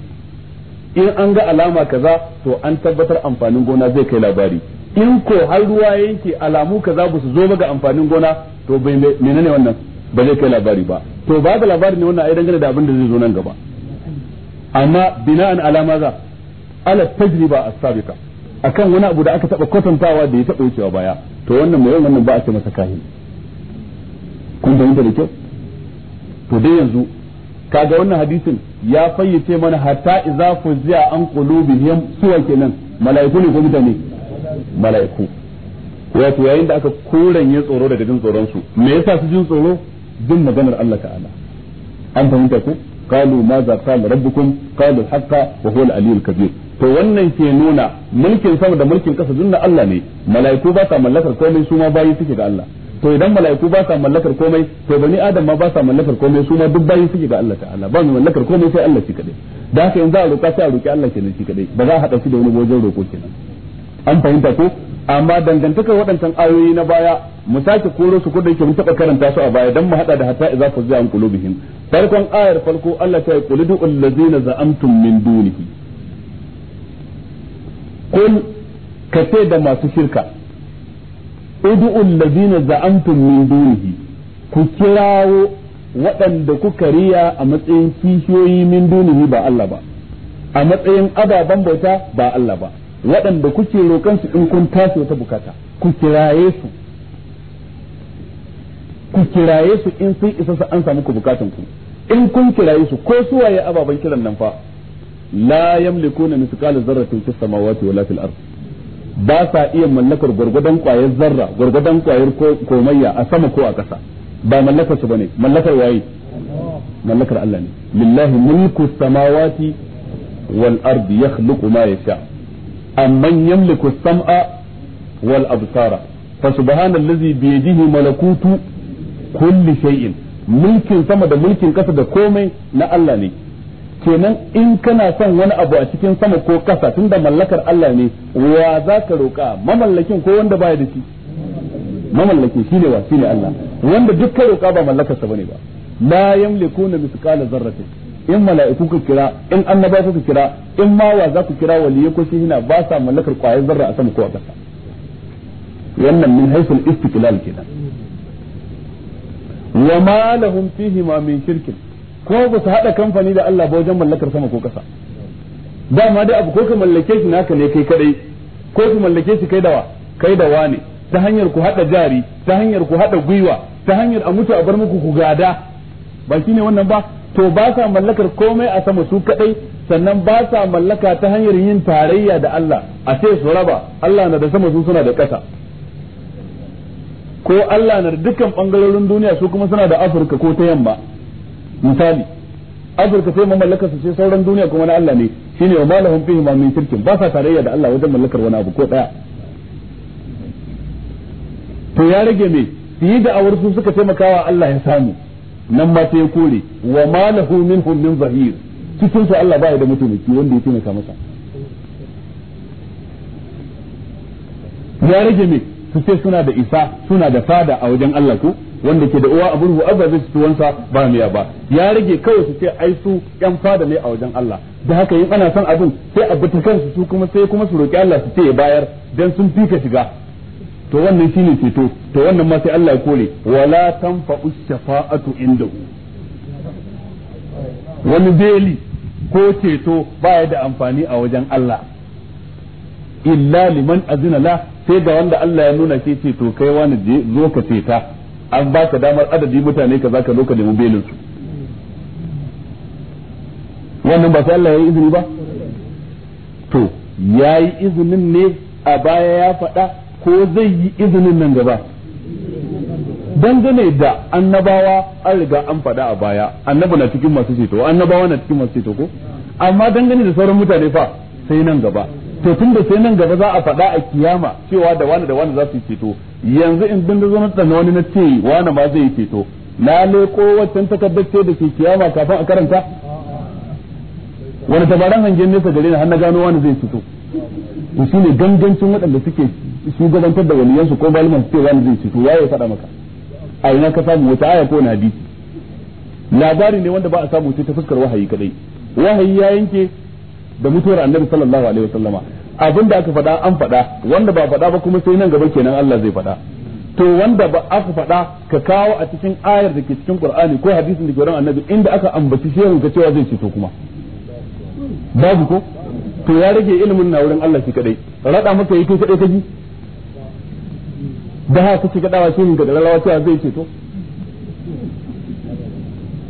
in an ga alama kaza to an tabbatar amfanin gona zai kai labari in ko har ruwa yanke alamu kaza ba su zo ba ga amfanin gona to bai menene wannan ba zai kai labari ba to ba da labari ne wannan ai dangane da abin da zai zo nan gaba amma bina'an alama za ala tajriba as-sabiqa akan wani abu da aka taba kwatantawa da ya taba wucewa baya to wannan mai wannan ba a ce masa kahin kun da kyau to dai yanzu kaga wannan hadisin ya fayyace mana hatta idza fuzia an qulubihim suwa kenan mala'iku ne ko mutane mala'iku wato yayin da aka ya tsoro daga jin tsoron su me yasa su jin tsoro jin maganar Allah ta'ala an fahimta ko قالوا ماذا قال ربكم قالوا الحق وهو العلي kabir to wannan ke nuna mulkin sama da mulkin kasa dunna Allah ne mala'iku ba sa mallakar komai su ma bayi suke ga Allah to idan mala'iku ba sa mallakar komai to bani adam ma ba sa mallakar komai su ma duk bayi suke ga Allah ta'ala ba mu mallakar komai sai Allah shi kadai da haka yanzu a roƙa sai a roƙi Allah kenan shi kadai ba za a hada shi da wani wajen roƙo kenan an fahimta ko amma dangantaka waɗancan ayoyi na baya mu sake koro su kodai ke mun taɓa karanta su a baya dan mu hada da hatta idza fuzza an qulubihim farkon ayar farko Allah ta yi qul na ladzina za'amtum min dunihi kul kace da masu shirka ud'u allazina za'amtum min dunihi ku kirawo waɗanda kuka riya a matsayin kishiyoyi min dunihi ba Allah ba a matsayin ababen bauta ba Allah ba waɗanda kuke roƙon su in kun tashi wata bukata ku kiraye su in sun isa su an samu ku bukatan ku in kun kiraye su ko suwaye ababen kiran nan fa la yamlikuna mithqala dharratin fis samawati wala fil ardi ba sa iya mallakar gwargwadon kwayar zarra gwargwadon kwayar komayya a sama ko a ƙasa ba mallakar su bane mallakar waye mallakar Allah ne lillahi mulku samawati wal ardi yakhluqu ma yasha amman yamliku sam'a wal absara fa subhanallazi bi yadihi malakutu kulli shay'in mulkin sama da mulkin ƙasa da komai na Allah ne kenan in kana son wani abu a cikin sama ko kasa tunda mallakar Allah ne wa za ka roƙa mamallakin ko wanda baya da shi mamallakin shi ne wa shi ne Allah wanda duk ka roƙa ba mallakar sa bane ba la yamlikuna mithqala zarratin in mala'iku ku kira in annaba ku kira in ma wa za ku kira waliyyi ko shi hina ba sa mallakar ƙwayar zarra a sama ko a kasa wannan min haisul istiqlal kenan wa ma lahum fihi ma min shirkin ko ba su haɗa kamfani da Allah ba wajen mallakar sama ko ƙasa dama dai abu ko ka mallake shi naka ne kai kadai ko ka mallake shi kai dawa kai dawa ne ta hanyar ku haɗa jari ta hanyar ku haɗa gwiwa ta hanyar a mutu a bar muku ku gada ba shine wannan ba to ba sa mallakar komai a sama su kadai sannan ba sa mallaka ta hanyar yin tarayya da Allah a ce su raba Allah na da sama su suna da ƙasa ko Allah na da dukkan bangarorin duniya su kuma suna da Afirka ko ta yamma misali afirka sai mun mallaka su sai sauran duniya kuma na Allah ne shine wa malahum fihi ma min shirkin ba sa tarayya da Allah wajen mallakar wani abu ko daya to ya rage me su yi da'awar su suka taimakawa Allah ya samu nan ma sai ya kore wa malahu minhum min zahir cikin su Allah ba ya da mutumiki wanda ya taimaka masa ya rage me su sai suna da isa suna da fada a wajen Allah ko wanda ke da uwa a burhu abba zai ci wansa ba miya ba ya rage kawai su ce ai su yan fada ne a wajen Allah da haka in ana son abin sai a bi kansu su kuma sai kuma su roki Allah su ce ya bayar dan sun fika shiga to wannan shine ceto to wannan ma sai Allah ya kore wala tanfa ushafa'atu indahu wani beli ko ceto baya da amfani a wajen Allah illa liman azina la sai ga wanda Allah ya nuna ce ceto to kai wani je zo ka ceta an ba ka damar adadi mutane ka zo ka nemi belin su wannan ba sai Allah ya yi izini ba to ya yi izinin ne a baya ya faɗa ko zai yi izinin nan gaba dangane da annabawa an riga an faɗa a baya annabi na cikin masu ceto annabawa na cikin masu ceto ko amma dangane da sauran mutane fa sai nan gaba to tun da sai nan gaba za a faɗa a kiyama cewa da wani da wani za su ceto yanzu in bin da zanar wani na ce wani ba zai ceto na leko waccan takardar ce da ke kiyama kafin a karanta wani tabaran hangen nesa gare ni har na gano wani zai ceto to ne gangancin waɗanda suke shugabantar da yansu ko malaman su ce wani zai ceto ya ya faɗa maka a ina ka samu wata aya ko na hadisi labari ne wanda ba a samu ta fuskar wahayi kadai wahayi ya yanke da mutuwar annabi sallallahu alaihi wasallama abin da aka faɗa an faɗa wanda ba faɗa ba kuma sai nan gaba kenan Allah zai faɗa to wanda ba aka faɗa ka kawo a cikin ayar da ke cikin Qur'ani ko hadisin da ke wurin Annabi inda aka ambaci shi ka cewa zai ceto kuma babu ko to ya rage ilimin na wurin Allah shi kadai rada maka yake kadai kaji da haka kake shiga shehu ka da rawa cewa zai ceto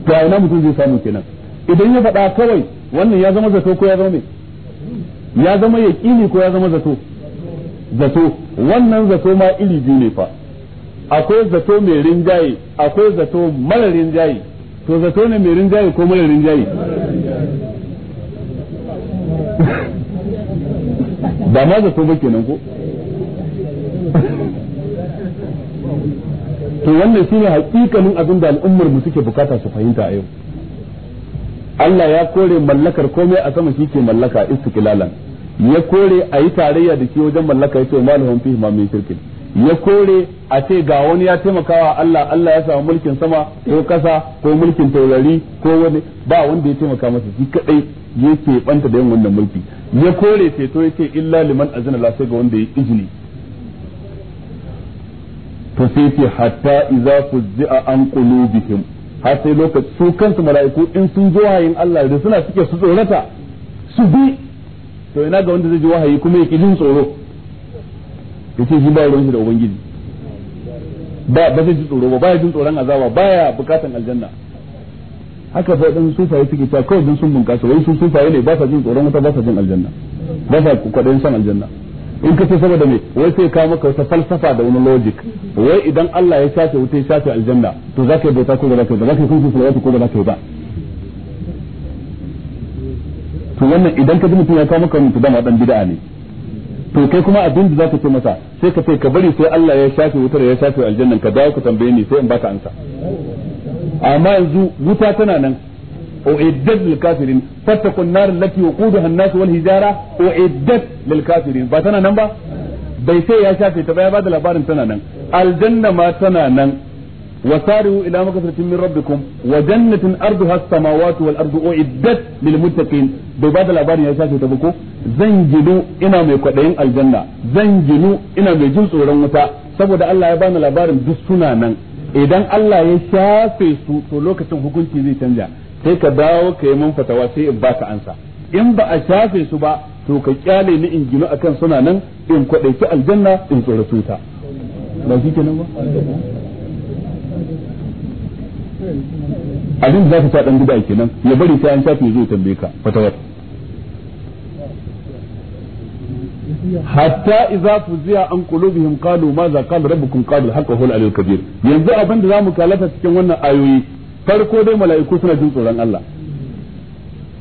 to ina mutum zai samu kenan idan ya faɗa kawai wannan ya zama zato ko ya zama mai ya zama yaƙini ko ya zama zato zato wannan zato ma iri biyu ne fa akwai zato mai rinjaye akwai zato mara rinjaye to zato ne mai rinjaye ko mara rinjaye ba ma zato ba kenan ko to wannan shine hakikanin abin da al'ummar mu suke bukata su fahimta a yau Allah ya kore mallakar komai a sama shi ke mallaka istiklalan ya kore a yi tarayya da shi wajen mallaka yace malahum fihi ma min shirkin ya kore a ce ga wani ya taimakawa Allah Allah ya samu mulkin sama ko kasa ko mulkin taurari ko wani ba wanda ya taimaka masa shi kadai yake banta da yin wannan mulki ya kore ceto yace illa liman azina la sai ga wanda ya izini to sai ce hatta idza fuzzi'a an qulubihim har sai lokaci su kansu mala'iku in sun zo wahayin Allah da suna suke su tsorata su bi to ina ga wanda zai ji wahayi kuma yake jin tsoro yace shi ba ruwan shi da ubangiji ba ba zai ji tsoro ba baya jin tsoron azaba baya bukatan aljanna haka fa dan sufaye suke ta kawai dan sun bunkasa wai su sufaye ne ba sa jin tsoron wata ba sa jin aljanna ba sa kwaɗayin san aljanna in ka ce saboda me wai sai ka maka wata falsafa da wani logic wai idan Allah ya shafe wuta ya shafe aljanna to za ka yi bauta ko ba za ka yi ba za ka yi kunshi salawatu ko ba za ka yi ba to wannan idan ka ji mutum ya kawo maka wani dama dan bid'a ne to kai kuma abin da za ka ce masa sai ka ce ka bari sai Allah ya shafe wutar ya shafe aljanna ka dawo ka tambaye ni sai in baka ansa amma yanzu wuta tana nan أعدت للكافرين فاتقوا النار التي وقودها الناس والهجارة أعدت للكافرين فاتنا نمبا بيسي يا شافي تبايا بعد الأبار تنا الجنة ما تنا نم وساروا إلى مغفرة من ربكم وجنة أرضها السماوات والأرض أعدت للمتقين ببعض الأبار يا شافي تبكو zanjilu ina mai kwaɗayin aljanna zanjilu ina mai jin tsoron wuta saboda Allah ya bani labarin duk suna nan idan Allah ya shafe su to lokacin hukunci zai canja sai ka dawo ka yi mun fatawa sai in baka ansa in ba a shafe su ba to ka kyale ni in ginu akan suna nan in kwadaici aljanna in tsoratu ta ba shi kenan ba abin da zaka sa dan gida kenan ya bari sai an shafe zai tambaye ka fatawar hatta idza fuziya an qulubihim qalu ma za qala rabbukum qalu haqqahu al-aliyyul kabir yanzu abin da zamu kalafa cikin wannan ayoyi farko dai mala'iku suna jin tsoron Allah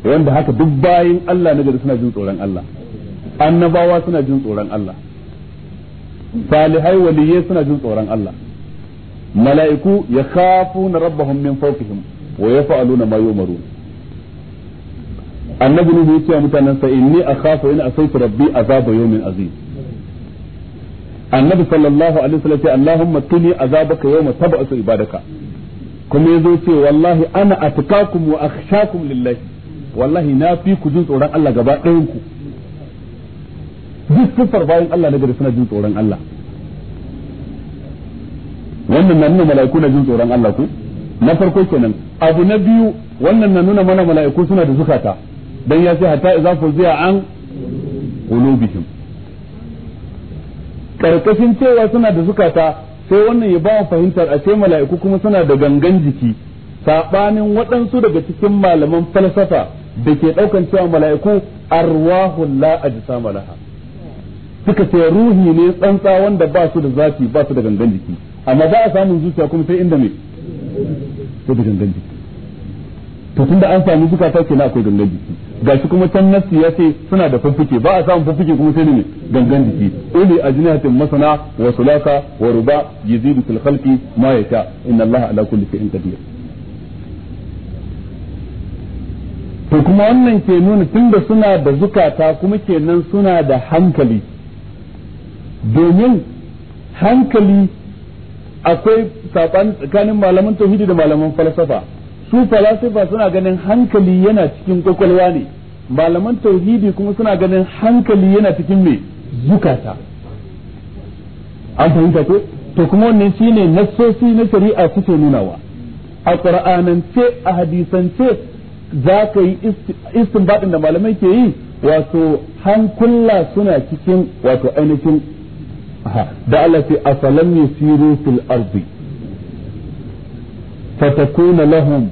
wanda haka duk bayin Allah na gari suna jin tsoron Allah annabawa suna jin tsoron Allah salihai waliyai suna jin tsoron Allah mala'iku ya kafu na rabbahum min fawqihim wa ya yaf'aluna ma maru. annabi ne ya ce mutanen sa inni akhafu in asaitu rabbi azaba yawmin azim annabi sallallahu alaihi wasallam ya ce allahumma tuni azabaka yawma tab'asu ibadaka kuma yazo ce wallahi ana atqakum wa akhshakum lillahi wallahi na fi ku jin tsoron Allah gaba ɗayan duk sifar bayan Allah na gari suna jin tsoron Allah wannan na nuna mala'iku na jin tsoron Allah ku na farko kenan abu na biyu wannan na nuna mana mala'iku suna da zukata dan ya ce hatta idza fuziya an qulubihim karkashin cewa suna da zukata sai wannan ya ba fahimtar a ce mala'iku kuma suna da gangan jiki sabanin waɗansu daga cikin malaman falsafa da ke ɗaukan cewa mala'iku arwahun la ajsama laha suka ce ruhi ne tsantsa wanda ba su da zafi ba su da gangan jiki amma za a samun zuciya kuma sai inda me sai da gangan jiki to tunda an samu zukata kenan akwai gangan jiki ga shi kuma can nassi ya ce suna da fuffuke ba a samun fuffuke kuma sai ne gangan jiki uli ajnihatin masana wa sulaka wa ruba yazidu fil khalqi ma yasha inna Allah ala kulli shay'in qadir to kuma wannan ke nuna tunda suna da zukata kuma kenan suna da hankali domin hankali akwai tsakanin malaman tauhidi da malaman falsafa su falasifa suna ganin hankali yana cikin kwakwalwa ne malaman tauhidi kuma suna ganin hankali yana cikin mai zukata an fahimta ko to kuma wannan shine nassosi na shari'a suke nunawa a qur'anance a hadisance za ka yi istinbadin da malamai ke yi wato hankula suna cikin wato ainihin da Allah ce afalam yasiru fil ardi فتكون لهم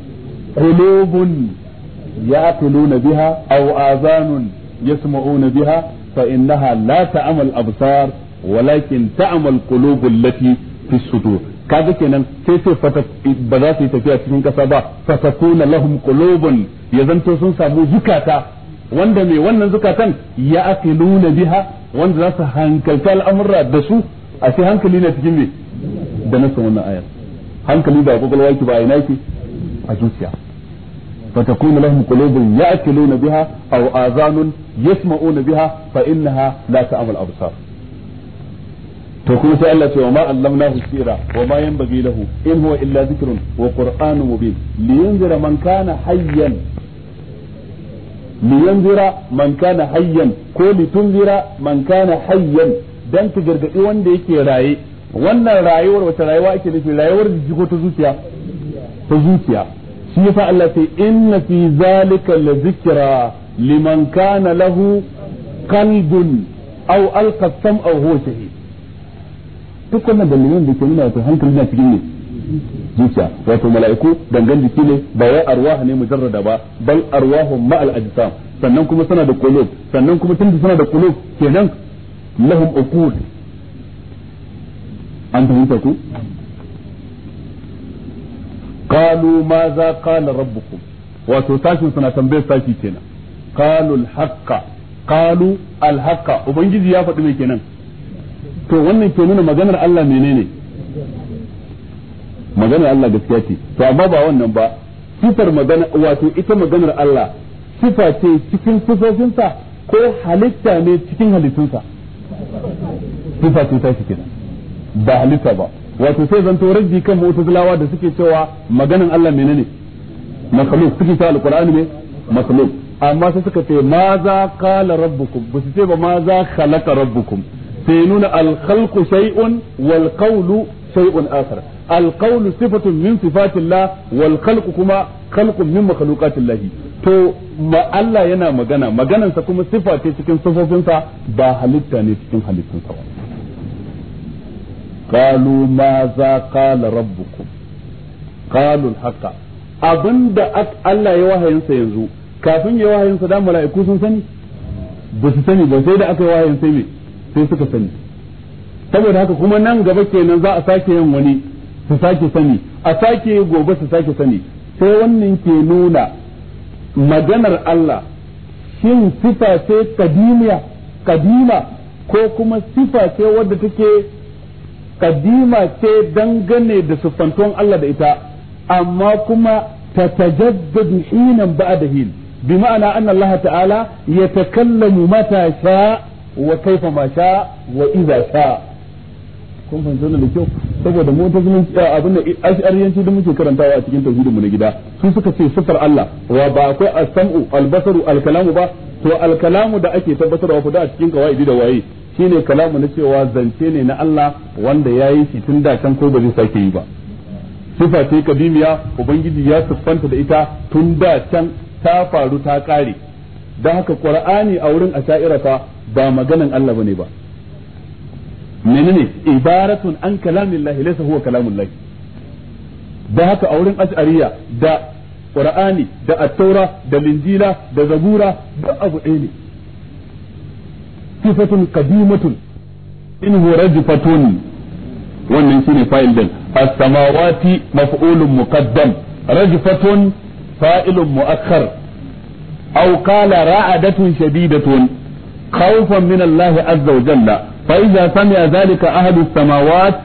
قلوب يعقلون بها أو آذان يسمعون بها فإنها لا تعمى الأبصار ولكن تعمى القلوب التي في الصدور kaga kenan sai sai ba za su yi tafiya cikin kasa ba fatakuna lahum qulubun ya zanto sun samu zukata wanda mai wannan zukatan ya aqiluna biha wanda za su hankalta al'amura da su a sai hankali na cikin me da nasu wannan ayar hankali ba kwakwalwa yake ba ina yake a zuciya فتكون لهم قلوب يأكلون بها أو آذان يسمعون بها فإنها لا تعمى الأبصار to kuma sai Allah ce wa ma allamnahu sira wa ma yanbaghi lahu in huwa illa dhikrun wa qur'anun mubin liyanzira man kana hayyan liyanzira man kana hayyan ko litunzira man kana hayyan dan ta gargadi wanda yake raye wannan rayuwar wata rayuwa ake nufi rayuwar jiki ko ta zuciya ta zuciya shi yasa Allah sai inna fi zalika la zikra liman kana lahu qalbun aw alqa sam'a huwa shahid duk wannan da ke nuna wato hankali na cikin ne zuciya wato mala'iku dangan jiki ne ba wai arwah ne mujarrada ba bal arwahu ma'al ajsam sannan kuma suna da qulub sannan kuma tunda suna da qulub kenan lahum uqud an fahimta ku qalu ma za qala rabbukum wato sashin suna tambayar sashi kenan qalu al-haqqa qalu al-haqqa ya faɗi mai kenan to wannan ke nuna maganar Allah menene maganar Allah gaskiya ce to amma ba wannan ba sifar magana wato ita maganar Allah sifa ce cikin sifofinsa ko halitta ne cikin halittunsa ce ta shi kenan ba halitta ba wato sai zanto raddi kan mu'tazilawa da suke cewa maganan Allah menene makhluq suke cewa alqur'ani ne makhluq amma sai suka ce ma za qala rabbukum ba su ce ba ma za khalaqa rabbukum sai nuna al-khalqu shay'un wal qawlu shay'un akhar al-qawlu sifatun min sifatillah wal khalqu kuma khalqun min makhluqatillah to ma Allah yana magana maganansa kuma sifa ce cikin sifofinsa ba halitta ne cikin halittunsa ba قالوا ماذا قال ربكم قالوا الحق abinda Allah ya wahayinsa yanzu kafin ya wahayinsa da mala'iku sun sani ba su sani ba sai da aka yi wahayin sai me sai suka sani saboda haka kuma nan gaba kenan za a sake yin wani su sake sani a sake gobe su sake sani sai wannan ke nuna maganar Allah shin sifa ce kadimiya kadima ko kuma sifa ce wadda take kadima ce dangane da sufantuwan Allah da ita amma kuma ta tajaddadu hinan da hin bi ma'ana anna Allah ta'ala ya mata sha wa kaifa ma sha wa idza sha kun fahimta da kyau saboda mu ta zumin eh, abin da ashariyanci da muke karantawa a cikin tauhidinmu na gida su suka ce sifar Allah wa ba akwai as-sam'u al-basaru al-kalamu ba to al-kalamu da ake tabbatarwa fa da a cikin kawaidi da waye shine kalamu na cewa zance ne na Allah wanda ya yi shi tun da can ko ba zai sake yi ba sifa ce kadimiya ubangiji ya siffanta da ita tun da can ta faru ta kare don haka qur'ani a wurin fa ba maganan Allah bane ba menene ibaratun an kalamillahi laysa huwa kalamullah da haka a wurin ash'ariya da qur'ani da at-taura da linjila da zabura duk abu ɗaya ne صفة قديمة منه رجفة wannan shine fa'il din as-samawati maf'ulun muqaddam rajfatun fa'ilun mu'akhkhar aw qala ra'adatun shadidatun khawfan min Allah azza wa jalla fa idza sami'a dhalika ahlu as-samawat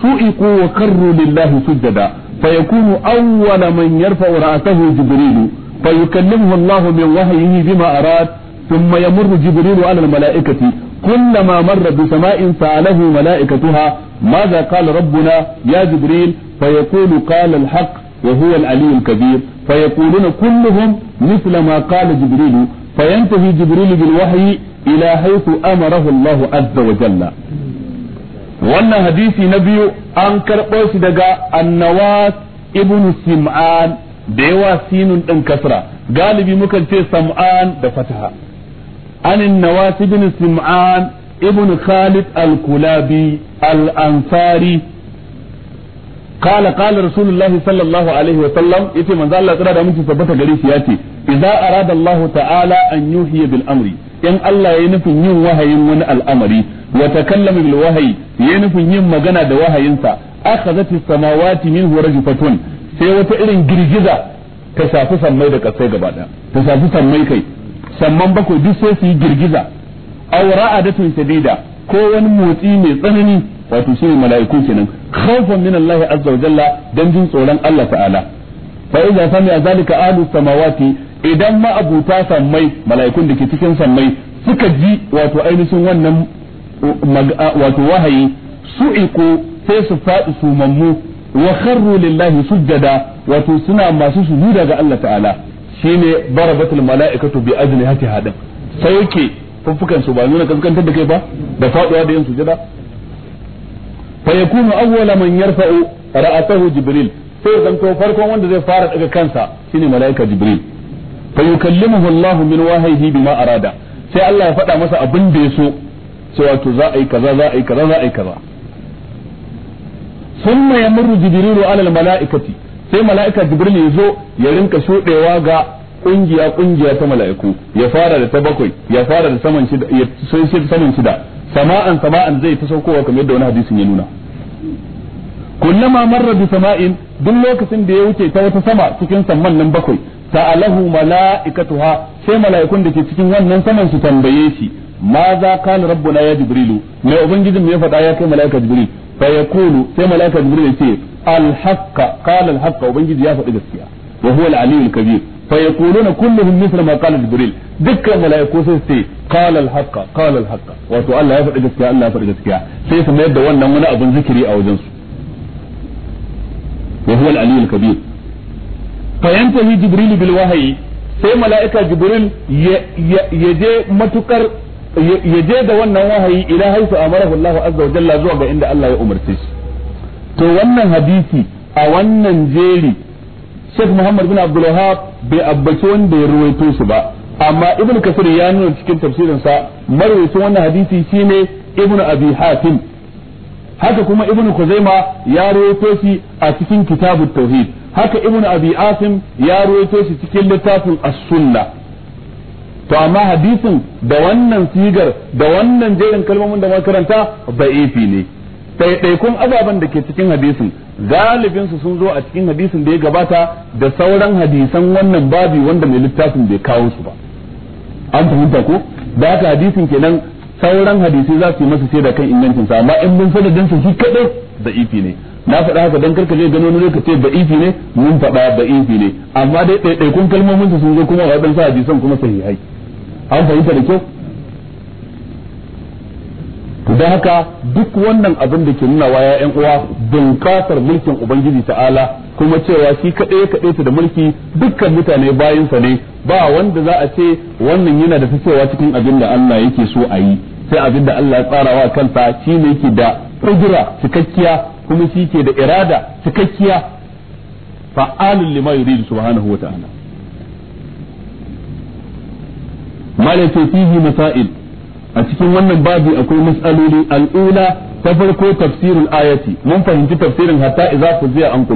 su'iqu wa qarru lillahi sujada فيكون أول من يرفع رأسه جبريل فيكلمه الله من وحيه بما أراد ثم يمر جبريل على الملائكة كلما مر بسماء سأله ملائكتها ماذا قال ربنا يا جبريل فيقول قال الحق وهو العلي الكبير فيقولون كلهم مثل ما قال جبريل فينتهي جبريل بالوحي إلى حيث أمره الله عز وجل wannan hadisi na biyu an karɓo shi daga annawas ibn sim'an da yawa sinun ɗin kasra galibi mukan ce sam'an da fataha عن النواس بن سمعان ابن خالد الكلابي الأنصاري قال قال رسول الله صلى الله عليه وسلم يتي من الله ترى دامن تثبت غريس ياتي إذا أراد الله تعالى أن يوحي بالأمر إن الله ينفي ين وهي من الأمر وتكلم بالوهي ينفي ين مغنى دوهي ينسى أخذت السماوات منه رجفتون sai wata irin girgiza ta shafi sammai da kasai gaba ta shafi sammai kai samman bakwai duk sai su yi girgiza aw ra'adatun shadida ko wani motsi mai tsanani wato shi mala'iku kenan khawfan min Allah azza wa jalla dan jin tsoron Allah ta'ala fa idza sami'a zalika ahlu samawati idan ma abuta sammai mala'ikun da ke cikin sammai suka ji wato ainihin wannan uh, uh, wato wahayi su'iku sai su faɗi sumammu wa kharru lillahi sujjada wato suna masu sujuda ga Allah ta'ala shine barabatul mala'ikatu bi ajnihati hadin sauke fuffukan su ba nuna kaskantar da kai ba da faduwa da yin sujada fa yakunu awwala man yarfa'u ra'atahu jibril sai dan to farkon wanda zai fara daga kansa shine mala'ika jibril fa yukallimuhu Allah min wahyihi bima arada sai Allah ya faɗa masa abin da ya so sai wato za a yi kaza za a yi kaza za a yi kaza thumma yamurru jibrilu ala al mala'ikati sai mala'ika jibril ya zo ya rinka shuɗewa ga kungiya kungiya ta mala'iku ya fara da ta bakwai ya fara da saman shida ya sai saman shida sama'an sama'an zai ta saukowa kamar yadda wani hadisin ya nuna kullama marra bi sama'in duk lokacin da ya wuce ta wata sama cikin samman nan bakwai ta'alahu mala'ikatuha sai mala'ikun da ke cikin wannan saman su tambaye shi ma za kana rabbuna ya jibrilu mai ubangijin me ya faɗa ya kai malaika jibril fa yaqulu sai malaika jibril ya ce al haqqa qala al ubangiji ya faɗi gaskiya wa huwa al aliyul kabir fa yaquluna kulluhum mithla ma qala jibril dukkan malaiku sai ce qala al haqqa qala al haqqa wato Allah ya faɗi gaskiya Allah ya faɗi gaskiya sai su mayar da wannan wani abin zikiri a wajensu wa huwa al aliyul kabir fa yantahi jibril bil wahyi sai mala'ika jibril ya je matukar ya je da wannan wahayi ila haisu amarahu Allahu azza wa jalla zuwa ga inda Allah ya umarce shi to wannan hadisi a wannan jeri Sheikh Muhammad bin Abdul bai abbaci wanda ya ruwaito shi ba amma Ibn Kasir ya nuna cikin tafsirin sa marwayacin wannan hadisi shine Ibn Abi Hatim haka kuma Ibn Kuzaima ya ruwaito shi a cikin Kitabut Tauhid haka Ibn Abi Asim ya ruwaito shi cikin littafin As-Sunnah to amma hadisin da wannan sigar da wannan jerin kalmomin da makaranta da'ifi ne ɗaiɗaikun ababen da ke cikin hadisin galibin su sun zo a cikin hadisin da ya gabata da sauran hadisan wannan babi wanda mai littafin bai kawo su ba an fahimta ko da haka hadisin kenan sauran hadisi za su yi masa da kan ingancin sa amma in mun sanadin su shi kadai da ifi ne na faɗa haka dan karka je gano ne ka ce da ifi ne mun faɗa da ifi ne amma dai ɗaiɗaikun kalmomin su sun zo kuma sa hadisan kuma sahihai an fahimta da kyau to don haka duk wannan abin da ke nuna wa ya uwa bunkasar mulkin ubangiji ta'ala kuma cewa shi kaɗai kaɗai su da mulki dukkan mutane bayansa ne ba wanda za a ce wannan yana da ta cewa cikin abin da Allah yake so a yi sai abin da Allah ya tsara wa kansa shi ne yake da kudura cikakkiya kuma shi ke da irada cikakkiya fa'alun lima yuridu subhanahu wa ta'ala mala ce fihi masail a cikin wannan babi akwai mas'aloli al'ula ta farko tafsirin ayati mun fahimci tafsirin hatta idza fuziya an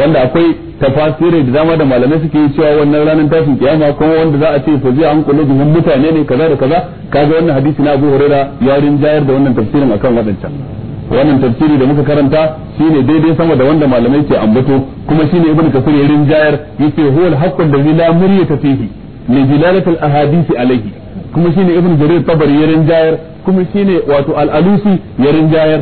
wanda akwai tafasiri da dama da malamai suke yi cewa wannan ranar tashin kiyama kuma wanda za a ce fuziya an qulubihim mutane ne kaza da kaza kaga wannan hadisi na Abu Hurairah ya rinjayar da wannan tafsirin akan wadancan wannan tafsiri da muka karanta shine daidai sama da wanda malamai ke ambato kuma shine ibnu kasir ya rinjayar yace huwal haqqu allazi la muryata fihi li dilalati al ahadith alayhi kuma shine ibn jarir tabari ya rinjayar kuma shine wato al alusi ya rinjayar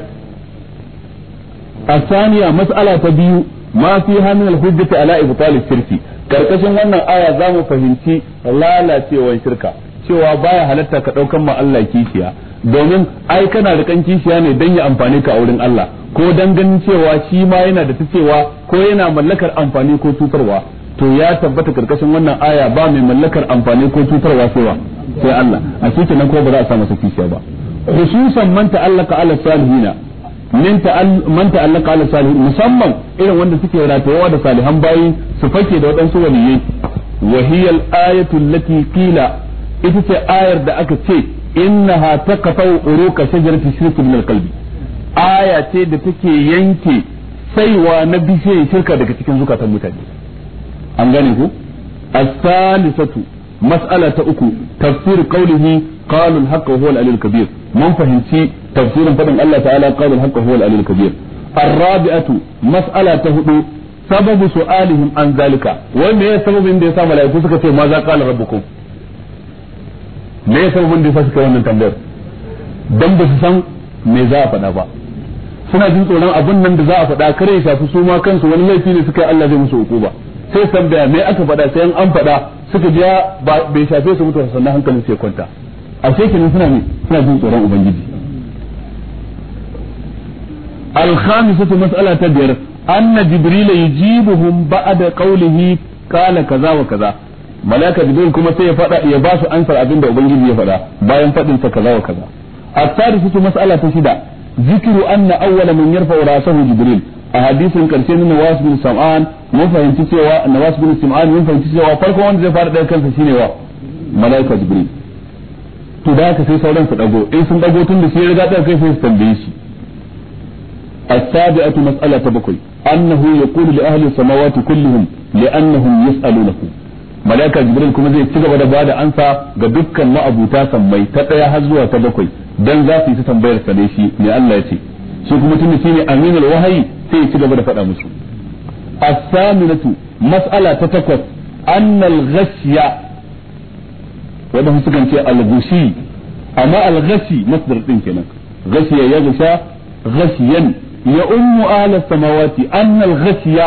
الثانية مسألة تبيو ما فيها من الحجة على إبطال الشرك karkashin wannan aya zamu fahimci lalacewar shirka cewa baya halatta ka ɗaukan ma Allah kishiya domin ai kana da kan kishiya ne dan ya amfani ka a wurin Allah ko dan ganin cewa shi ma yana da ta cewa ko yana mallakar amfani ko cutarwa to ya tabbata karkashin wannan aya ba mai mallakar amfani ko cutarwa sai sai Allah a cikin nan ko ba za a samu sakiya ba khususan man ta'allaka ala salihina min man ta'allaka ala salihin musamman irin wanda suke ratayewa da salihan bayi su fake da waɗansu waliyai wa hiya al-ayatu allati qila ita ce ayar da aka ce innaha taqta'u uruka shajarati shirk min al-qalbi aya ce da take yanke saiwa na bishiyar shirka daga cikin zukatan mutane an gane ku as-salisatu mas'ala ta uku tafsir qawlihi qala al-haqq huwa al-alil kabir mun fahimci tafsirin fadin Allah ta'ala qala al-haqq huwa al-alil kabir ar-rabi'atu mas'ala ta hudu sababu su'alihim an zalika wanda ya sababin da yasa mala'iku suka ce ma za qala rabbukum me ya sababin da yasa suka wannan tambayar dan ba su san me za a faɗa ba suna jin tsoron abin nan da za a faɗa kare shafi su ma kansu wani laifi ne suka Allah zai musu hukuma ba sai san da me aka fada sai an faɗa suka ji ba bai shafe su mutuwa sanna hankalin sai kwanta a sai kinin suna ne suna jin tsoron ubangiji alhamisatu mas'ala ta biyar anna jibril yujibuhum ba'da qawlihi qala kaza wa kaza malaka jibril kuma sai ya faɗa ya ba su abin da ubangiji ya fada bayan faɗin sa kaza wa kaza at-thalithatu mas'ala ta shida Zikiru anna awwala man yarfa ra'sahu jibril a hadisin karshe na wasu bin sam'an mun fahimci cewa nawas bin sim'an mun fahimci cewa farkon wanda zai fara ɗaya kansa shine wa malaika jibril to da haka sai sauran su dago in sun dago tun da shi riga daga kai sai su tambaye shi السابعة مسألة بكل أنه يقول annahu السماوات كلهم لأنهم يسألونه malaika jibril kuma zai ci gaba da bada ansa ga dukkan ma'abuta sammai ta ɗaya har zuwa ta bakwai dan za su yi ta tambayar sa ne shi ne Allah ya ce shi kuma tunda shine aminul wahayi sai ya ci gaba da faɗa musu as-saminatu mas'ala ta takwas annal ghasya wanda sukan ce al-ghushi amma al-ghashi masdar din kenan ghasya ya gusha ghasyan ya ummu ala samawati annal ghasya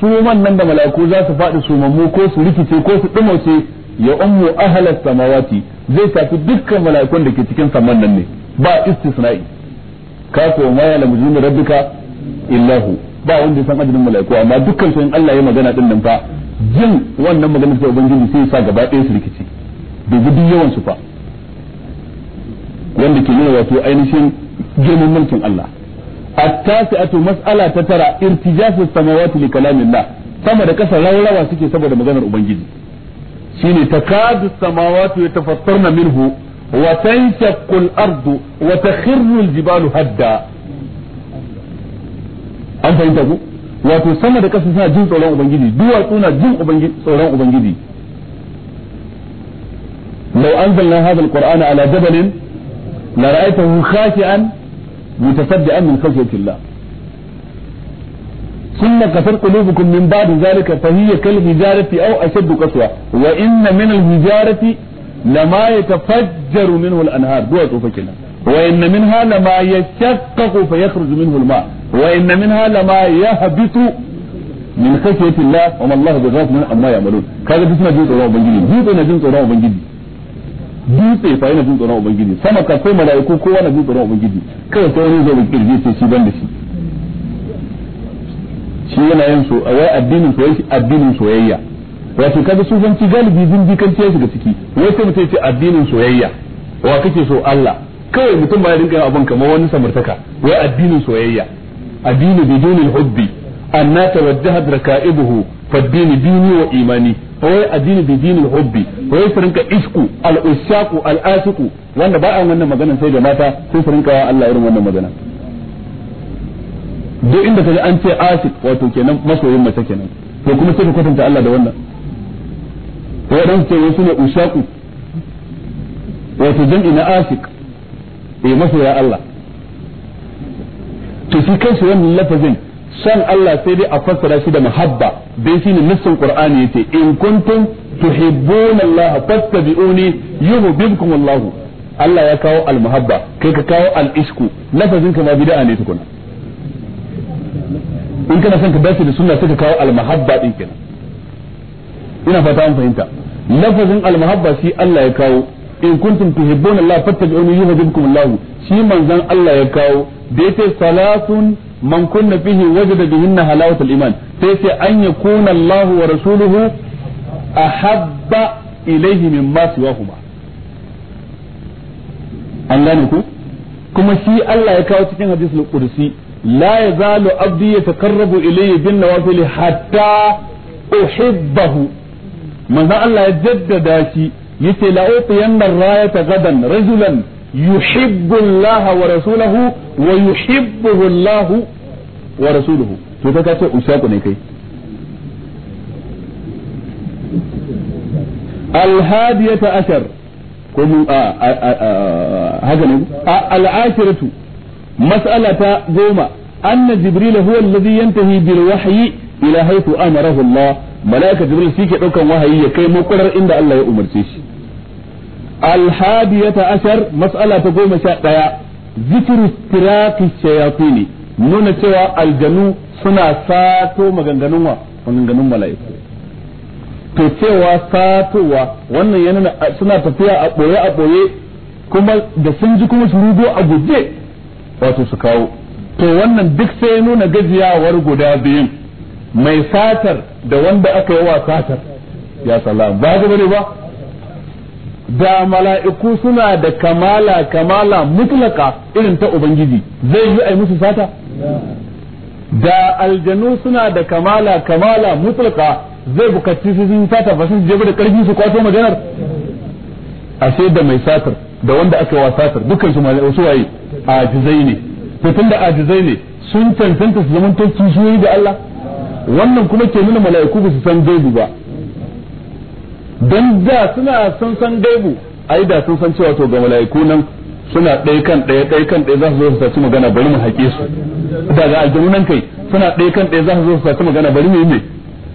suman nan da mala'iku za su faɗi sumammu ko su rikice ko su dumauce ya ummu ahla samawati zai tafi dukkan mala'ikun da ke cikin saman nan ne ba istisna'i ka ko ma ya lamjun rabbika illahu ba wanda ya san adadin mala'iku amma dukkan su Allah ya magana din nan fa jin wannan maganar ta ubangiji sai ya sa gaba ɗaya su rikici dubi duk yawan su fa wanda ke nuna wato ainihin girman mulkin Allah at-tasi'atu mas'ala ta tara irtijafu samawati li kalamillah sama da kasa rawa suke saboda maganar ubangiji shine takadu samawati yatafattarna minhu wa tanshaqqu al-ardu wa takhirru al-jibalu hadda an fahimta wato sama da kasa suna jin tsoron ubangiji duwatsu na jin tsoron ubangiji lau anzalna hadha alqur'ana ala jabalin la ra'aytahu khashi'an mutasaddian min khashyatillah ثم كثر قلوبكم من بعد ذلك فهي كالهجارة أو أشد قسوة وإن من الهجارة لما يتفجر منه الأنهار دوات أفكنا وإن منها لما يشقق فيخرج منه الماء وإن منها لما يهبط من خشية الله وما الله بغافل من أما يعملون كذا بسنا جوت الله وبنجيني جوت أنا جوت الله وبنجيني dutse fa yana jin tsoron ubangiji sama ka sai mala'iku kowa na jin tsoron ubangiji kai wani zo bikin ji ban da shi shi yana so a addinin soyayya addinin soyayya wato kaga sufanci galibi zindikan ce shiga ciki wai sai mutum ce addinin soyayya wa kake so Allah kawai mutum ba ya rinka abin kamar wani samartaka wai addinin soyayya addini bidunil hubbi anna tawajjahat raka'ibuhu faddini dini wa imani wai addini bidunil hubbi wai su rinka isku al usaqu al asiqu wanda ba a wannan maganan sai da mata sai su rinka Allah irin wannan magana duk inda kaga an ce asiq wato kenan masoyin mace kenan to kuma sai ka kwatanta Allah da wannan wai dan ce wasu ne usaqu wato jam'i na asiq eh masoya Allah to shi kanshi wannan lafazin san Allah sai dai a fassara shi da muhabba dai shine nassin Qur'ani yace in kuntum tuhibbuna Allah fattabi'uni yuhibbukum Allah Allah ya kawo al-muhabba kai ka kawo al-ishku lafazin ka ma bid'a ne tukuna in kana son ka dace da sunna sai ka kawo al-muhabba din kenan ina fata an fahimta lafazin al-muhabba shi Allah ya kawo in kuntum tuhibbuna Allah fattabi'uni yuhibbukum Allah shi manzon Allah ya kawo da yace salasun man kunna fihi wajada bihinna halartar iman sai sai an yakuna Allah wa rasuluhu ahabba ilayhi mimma siwahuma an gane ku kuma shi Allah ya kawo cikin hadisul qudsi la yazalu abdi yataqarrabu ilayhi bin nawafil hatta uhibbahu manzon Allah ya jaddada shi yace la uqiyanna ra'ata gadan rajulan yuhibbu Allah wa rasulahu wa yuhibbu Allah wa rasuluhu to ka ce usaku ne kai alhadiyata ashar ko mu a haka ne a al'ashiratu mas'ala ta goma anna jibril huwa alladhi yantahi bil wahyi ila malaika jibril shi ke daukan wahayi ya kai makarar inda Allah ya umarce shi alhadiyata ashar mas'ala ta goma sha ɗaya zikiru tiraki shayatini nuna cewa aljanu suna sato maganganun mala'iku to cewa satowa wannan yana suna tafiya a ɓoye a ɓoye kuma da sun ji kuma su rugo a guje wato su kawo to wannan duk sai nuna gajiyawar guda biyun mai satar da wanda aka yi wa satar ya salam ba ga bane ba da mala'iku suna da kamala kamala mutlaka irin ta ubangiji zai yi ai musu sata da aljanu suna da kamala kamala mutlaka zai bukaci su sun sata ba sun je da karfi su kwato maganar sai da mai satar da wanda aka wa satar dukkan su mala'iku su waye ajizai ne to tunda ajizai ne sun cancanta su zaman to da Allah wannan kuma ke nuna mala'iku ba su san gaibu ba don da suna sun san gaibu ai da sun san cewa to ga mala'iku nan suna ɗaya kan ɗaya ɗaya kan ɗaya za su zo su saci magana bari mu haƙe su daga aljanu nan kai suna ɗaya kan ɗaya za su zo su saci magana bari mu yi me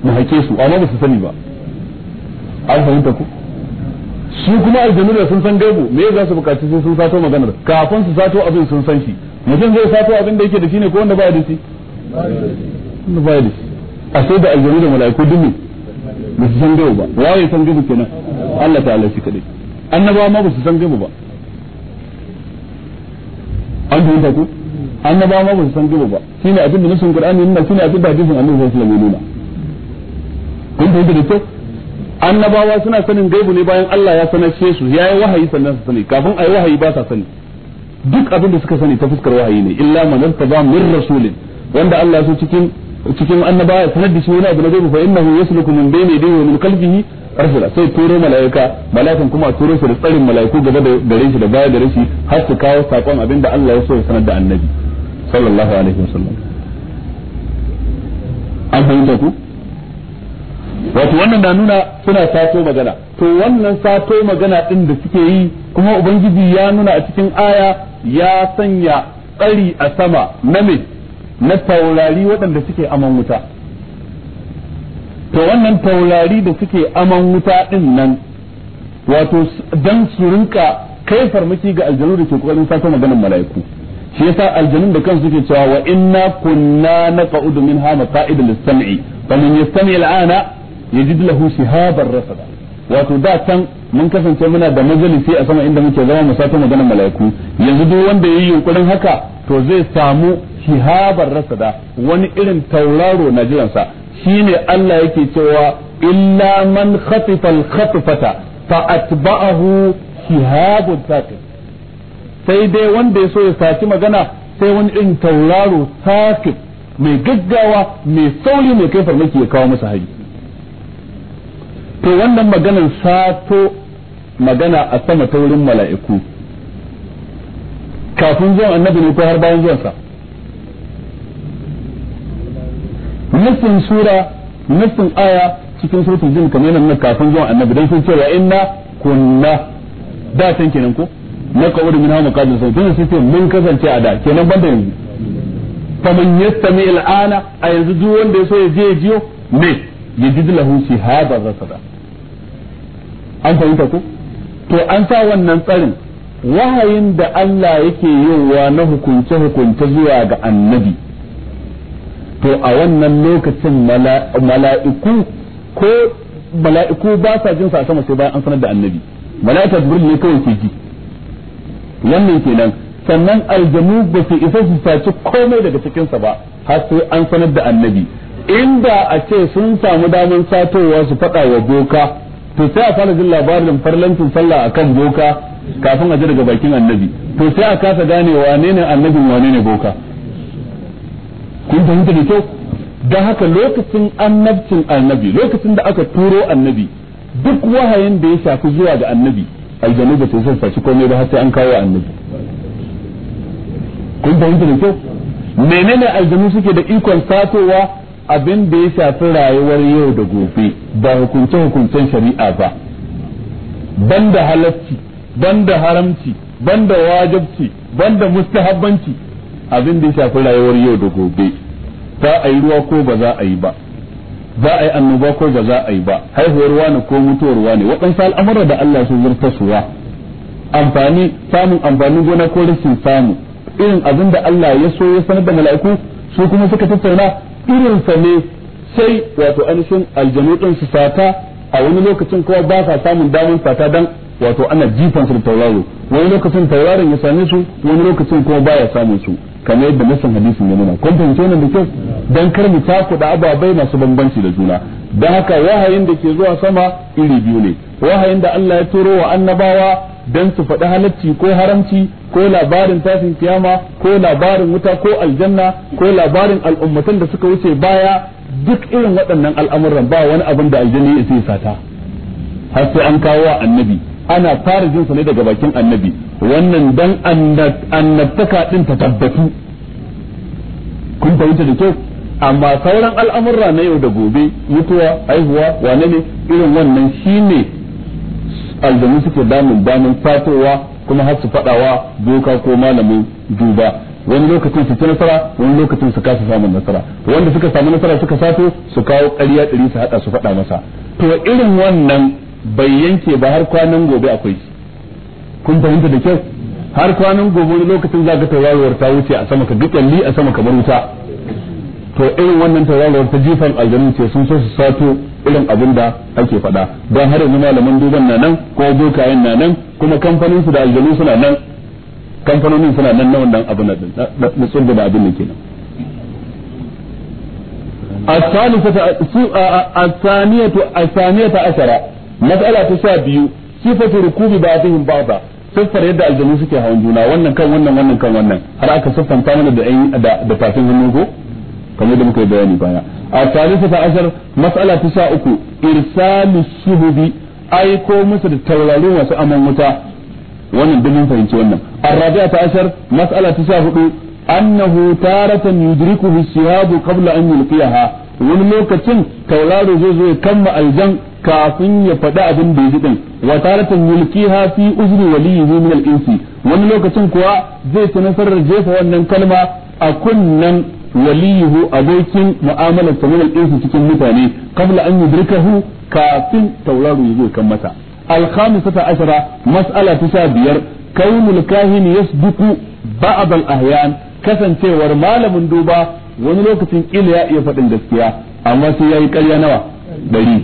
mu haƙe su amma ba su sani ba an fahimta ku su kuma aljanu da sun san gaibu me za su buƙaci sai sun sato maganar kafin su sato abin sun san shi mutum zai sato abin da yake da shi ne ko wanda ba da shi wanda da shi a sai da aljanu da mala'iku dumi ba su san gaba ba waye san gaba kenan Allah ta'ala shi kaɗai annabawa ma ba su san gaba ba an fahimta ko annabawa ma ba su san gaba ba shine abin da nasin qur'ani yana shine abin da hadisin annabi sallallahu alaihi wasallam kun fahimta da kyau annabawa suna sanin gaibu ne bayan Allah ya sanarce su ya yi wahayi sannan su sani kafin a yi wahayi ba sa sani duk abin da suka sani ta fuskar wahayi ne illa ta ba min rasulin wanda Allah ya so cikin cikin annaba ya sanar da shi wani abu na gaibu fa innahu yasluku min bayni yadihi wa min qalbihi rasula sai turo malaika malaikan kuma turo su da tsarin malaiku gaba da gare shi da baya gare shi har su kawo sakon abin da Allah ya so ya sanar da annabi sallallahu alaihi wasallam an fahimta ku wato wannan na nuna suna sato magana to wannan sato magana din da suke yi kuma ubangiji ya nuna a cikin aya ya sanya tsari a sama na me na taurari waɗanda suke aman wuta to wannan taurari da suke aman wuta ɗin nan wato dan su rinka kai farmaki ga aljanu da ke kokarin sato maganar mala'iku shi yasa aljanun da kansu suke cewa wa inna kunna naqa'udu minha maqa'id lis-sam'i faman yastami al-ana yajid lahu shihaban rasada wato da can mun kasance muna da majalisi a sama inda muke zama mu sato maganin mala'iku yanzu duk wanda yayi yunkurin haka to zai samu shihabar rasada wani irin tauraro na jiransa shi ne Allah yake cewa illa man khatifa al-khatfata fa atba'ahu shihabun taqib sai dai wanda ya so ya saci magana sai wani irin tauraro taqib mai gaggawa mai sauri mai kai farmaki ya kawo masa hari to wannan maganar sato magana a sama ta wurin mala'iku kafin zuwan annabi ne ko har bayan zuwansa nufin sura nufin aya cikin suratul jin kamar nan kafin zuwan annabi don sun ce wa inna kunna da can kenan ko na kawar min hawa kadin sau sun ce mun kasance a da kenan banda yanzu faman yastami al'ana a yanzu duk wanda ya so ya je ya jiyo me ya ji lahu shihaba da. an fahimta ko to an sa wannan tsarin wahayin da Allah yake yowa na hukunce hukunce zuwa ga annabi to a wannan lokacin mala'iku ko mala'iku ba sa jin sa sama sai bayan an sanar da annabi mala'ika jibril ne kawai ke ji wannan kenan sannan aljanu ba su isa su saci komai daga cikin sa ba har sai an sanar da annabi inda a ce sun samu damar satowa su faɗa wa boka to sai a fara jin labarin farlancin sallah akan boka kafin a ji daga bakin annabi to sai a kasa gane wane ne annabin wane ne boka kun fahimta da kyau da haka lokacin annabcin annabi lokacin da aka turo annabi duk wahayin da ya shafi zuwa ga annabi aljanu ba su sassaci komai ba har an kawo annabi kun fahimta da kyau menene aljanu suke da ikon satowa abin da ya shafi rayuwar yau da gobe ba hukunce hukuncen shari'a ba banda halarci banda haramci banda wajabci banda mustahabbanci abin da ya shafi rayuwar yau da gobe za a yi ruwa ko ba za a yi ba za a yi annoba ko ba za a yi ba haihuwar wani ko mutuwar wani waɗansu al'amura da Allah su suwa amfani samun amfanin gona ko rashin samu irin abin da Allah ya so ya sanar da mala'iku su kuma suka tattauna irin sa ne sai wato ainihin aljanu din su sata a wani lokacin kowa ba sa samun damar sata dan wato ana jifan su da tauraro wani lokacin tauraron ya same su wani lokacin kuma baya samun su kamar yadda nasan hadisin ya nuna kun fahimci nan da kyau dan kar mu takuda ababai masu bambanci da juna dan haka wahayin da ke zuwa sama iri biyu ne wahayin da Allah ya turo wa annabawa dan su faɗi halacci ko haramci ko labarin tasin kiyama ko labarin wuta ko aljanna ko labarin al'ummatan da suka wuce baya duk irin waɗannan al'amuran ba wani abin da aljanna ya sata har sai an kawo annabi ana fara jinsa ne daga bakin annabi wannan dan annabtaka din ta tabbatu kun fahimta da kyau amma sauran al'amurra na yau da gobe mutuwa haihuwa wane ne irin wannan shi ne. aljanu suke damun damun fatowa kuma har su fadawa doka ko malamin duba wani lokacin su ci nasara wani lokacin su kasa samun nasara wanda suka samu nasara suka sato su kawo ƙarya ɗari su haɗa su faɗa masa to irin wannan bai yanke ba har kwanan gobe akwai kun fahimta da kyau har kwanan gobe wani lokacin za ka tauraruwar ta wuce a sama ka gikalli a sama kamar wuta to irin wannan tauraruwar ta jifan aljanu ce sun so su sato irin abin da ake faɗa don har yanzu malaman duban na nan ko bokayen na nan kuma kamfanin su da aljanu suna nan kamfanonin suna nan na wannan abin da tsunda da abin da ke nan A الثانية الثانية عشرة mas'ala ta sha biyu sifatu rukubi ba'dihim ba siffar yadda aljanu suke hawan juna wannan kan wannan wannan kan wannan har aka siffanta mana da da da fatin hannu ko kamar da muka yi bayani baya a tarihi ta ashar mas'ala ta sha uku irsalu shuhudi aiko musu da taurari masu aman wuta wannan duk mun fahimci wannan arrabi'a ta ashar mas'ala ta sha hudu annahu taratan yudrikuhu shihabu qabla an yulqiyaha wani lokacin tauraro zai zo ya kamma aljan kafin ya faɗi abin da ya din wa taratan yulkiha fi uzri waliyhi min al-insi wani lokacin kuwa zai ci nasarar jefa wannan kalma a kunnan waliyuhu abokin mu'amalar sa min al-insi cikin mutane qabla an yudrikahu kafin tauraro ya zo kan masa al-khamisata ashara mas'ala ta biyar kaunul kahin yasbiqu ba'd al-ahyan kasancewar malamin duba wani lokacin kila ya iya faɗin gaskiya amma sai yayi ƙarya nawa dari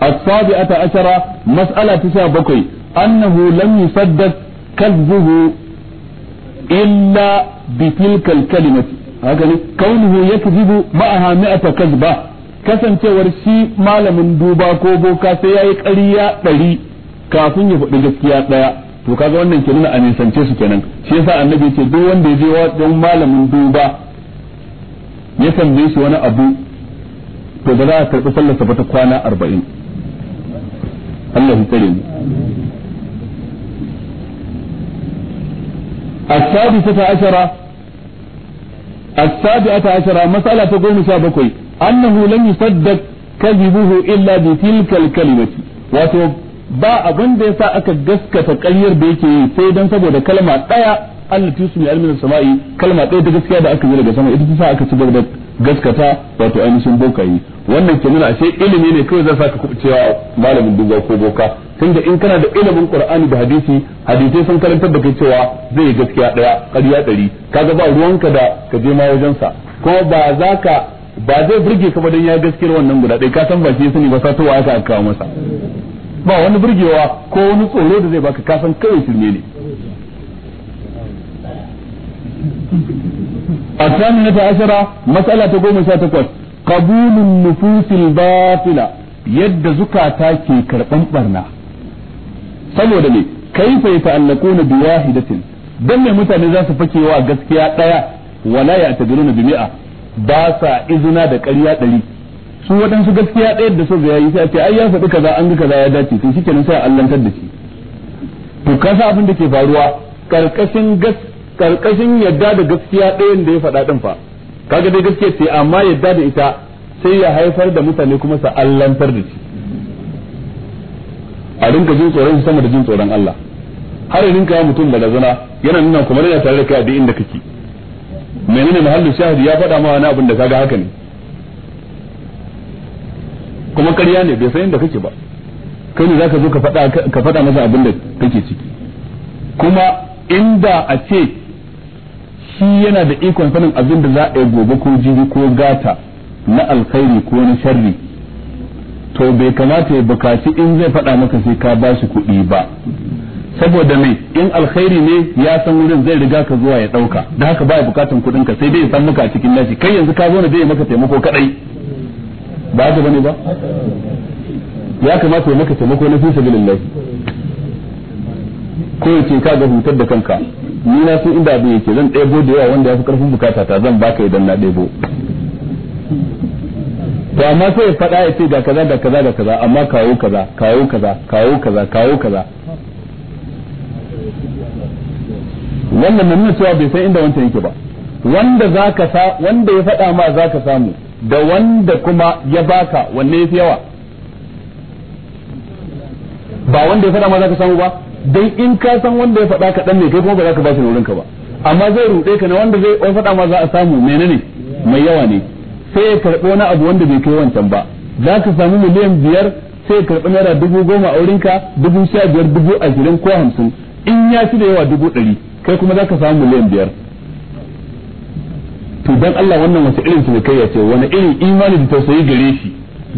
as ata ashara mas'ala ta bakwai annahu lam yusaddaq kadhuhu illa bi tilka kalimati haka ne kaunuhu yakzibu ma'aha mi'ata kadhba kasancewar shi malamin duba ko boka sai yayi ƙarya ɗari kafin ya faɗi gaskiya ɗaya to kaga wannan ke nuna a su kenan shi yasa annabi ce duk wanda ya je wajen malamin duba ya tambaye shi wani abu to ba za a karɓi sallarsa ba ta kwana arba'in Allah ya tsare mu السادسة عشرة السابعة عشرة مسألة تقول سابقي أنه لم يصدق كذبه إلا بتلك الكلمة وتو ba abin da yasa aka gaskata ƙaryar da yake sai dan saboda kalma ɗaya allati su min samai kalma ɗaya ta gaskiya da aka yi daga sama ita ta sa aka ci da gaskata wato ainihin bokayi wannan ke nuna ashe ilimi ne kawai zai saka cewa malamin duba ko boka tunda in kana da ilimin qur'ani da hadisi hadisai sun karantar da kai cewa zai yi gaskiya daya ƙarya ɗari kaga ba ruwanka da ka je ma wajen sa kuma ba za ka ba zai burge ka ba dan ya gaskiyar wannan guda ɗaya ka san ba shi sani ba satowa aka kawo masa ba wani burgewa ko wani tsoro da zai baka ka san kawai shirme ne الثامنة عشرة مسألة تقوم ساتكوت قبول النفوس الباطلة يد زكاة كي كرقم برنا سمو دلي كيف يتعلقون بواحدة دم متى نزاس فكي وقسكي ولا يعتدلون بمئة باسا إذنا دكاليا دلي su waɗansu gaskiya ɗaya da so da yayi sai a ce ai ya faɗi kaza an ga kaza ya dace to shikenan sai a allantar da to kasa abin da ke faruwa karkashin gaskiya karkashin yadda da gaskiya ɗayan da ya faɗa ɗin fa kaga dai gaskiya ce amma yadda da ita sai ya haifar da mutane kuma sa allantar da shi a rinka jin tsoron shi sama da jin tsoron Allah har yin kawo mutum da razana yana nuna kuma yana tare da kai a duk inda kake menene mahallin shahidi ya faɗa mawa na abin da kaga haka ne kuma ƙarya ne bai san inda kake ba kai ne zaka zo ka faɗa ka faɗa masa abin da kake ciki kuma inda a ce shi yana da ikon sanin abin da za a yi gobe ko jibi ko gata na alkhairi ko na sharri to bai kamata ya bukaci in zai faɗa maka sai ka ba shi kuɗi ba saboda mai in alkhairi ne ya san wurin zai riga ka zuwa ya ɗauka da haka ba ya bukatan kuɗin ka sai dai ya san maka a cikin nashi kai yanzu ka zo ne zai maka taimako kaɗai ba haka bane ba ya kamata ya maka taimako na fi sabilillahi ko ya ce ka ga hutar da kanka ni na su inda abin yake zan ɗebo da yawa wanda ya fi ƙarfin bukata ta zan baka idan na ɗebo to amma sai ya faɗa ya ce ga kaza ga kaza ga kaza amma kawo kaza kawo kaza kawo kaza kawo kaza wannan nuna cewa bai san inda wancan yake ba wanda zaka sa wanda ya faɗa ma zaka samu da wanda kuma ya baka wanne yafi yawa ba wanda ya faɗa ma zaka samu ba dan in ka san wanda ya faɗa kaɗan ne kai kuma ba za ka ba shi wurin ka ba amma zai ruɗe ka na wanda zai wani faɗa ma za a samu menene mai yawa ne sai ya karɓi wani abu wanda bai kai wancan ba za ka samu miliyan biyar sai ya karɓi naira dubu goma a wurinka dubu sha biyar dubu ashirin ko hamsin in ya fi da yawa dubu ɗari kai kuma za ka samu miliyan biyar to dan Allah wannan wace irin ya ce wani irin imani da tausayi gare shi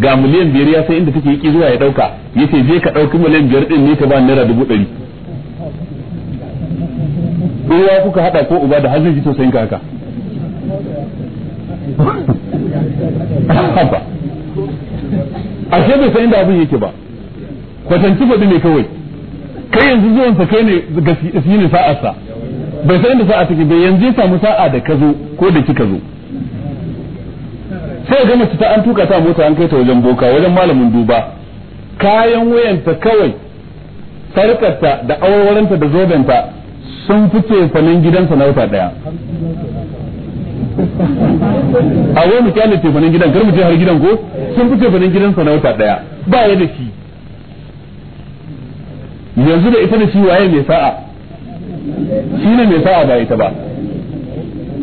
ga miliyan biyar ya sai inda take yi zuwa ya ɗauka yace je ka dauki miliyan biyar din ne ka ba naira dubu ɗari uwa kuka haɗa ko uba da hazin to sai ka haka A ashe bai san inda abin yake ba kwatanci faɗi ne kawai kai yanzu zuwan sa kai ne shi ne sa'a sa bai san inda sa'a take bai yanzu ya samu sa'a da kazo ko da kika zo sai ga mace ta an tuka ta mota an kai ta wajen boka wajen malamin duba kayan wuyanta kawai sarkarta da awarwarinta da zobenta sun fice fanin gidansa na wata daya a wani mu ce fanin gidan kar mu je har gidan ko sun fice fanin gidansa na wata daya ba ya da shi yanzu da ita da shi waye mai sa'a shi ne mai sa'a ba ita ba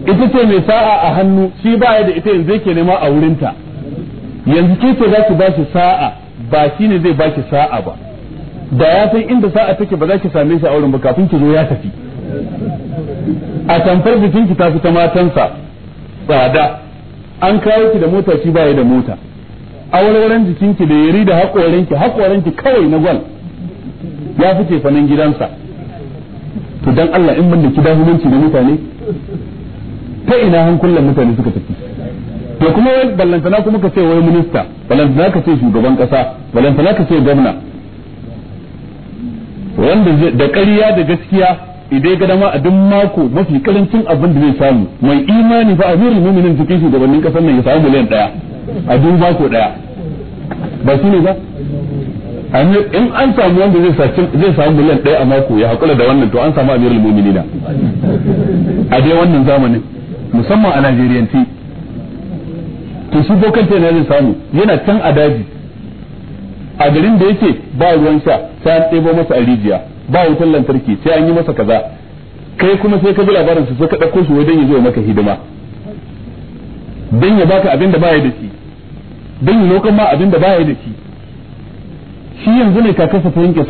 ita ce mai sa'a a hannu shi ba ya da ita yanzu yake nema a wurinta yanzu ke ce za ki ba shi sa'a ba shi ne zai baki sa'a ba da ya san inda sa'a take ba za ki same shi a wurin ba kafin ki zo ya tafi a tamfar bikin ki tafi ta matansa tsada an kawo ki da mota shi ya da mota A awarwaran jikin ki da yari da haƙoran ki haƙoran ki kawai na gwal ya fice fanan gidansa to dan Allah in ban da ki da hukunci da mutane ta ina hankulan mutane suka tafi to kuma wai ballantana kuma ka ce wai minista ballantana ka ce shugaban kasa ballantana ka ce gwamna wanda da ƙarya da gaskiya idai ga dama a duk mako mafi karancin abin da zai samu mai imani fa amiru mu'minin cikin shugabannin kasar nan ya samu miliyan daya a duk mako daya ba shi ne ba in an samu wanda zai samu miliyan daya a mako ya hakura da wannan to an samu amiru mu'minin a dai wannan zamanin musamman a Najeriyanci to shi bokan ta yanayin samu yana can a daji a garin da yake ba ruwan sha sai an ɗebo masa a rijiya ba wutar lantarki sai an yi masa kaza kai kuma sai ka bi labarin su sai ka ɗauko shi wajen ya zo maka hidima don ya baka abin da ya da shi don ya lokan ma abin da ya da shi shi yanzu ne ka kasa ta yanke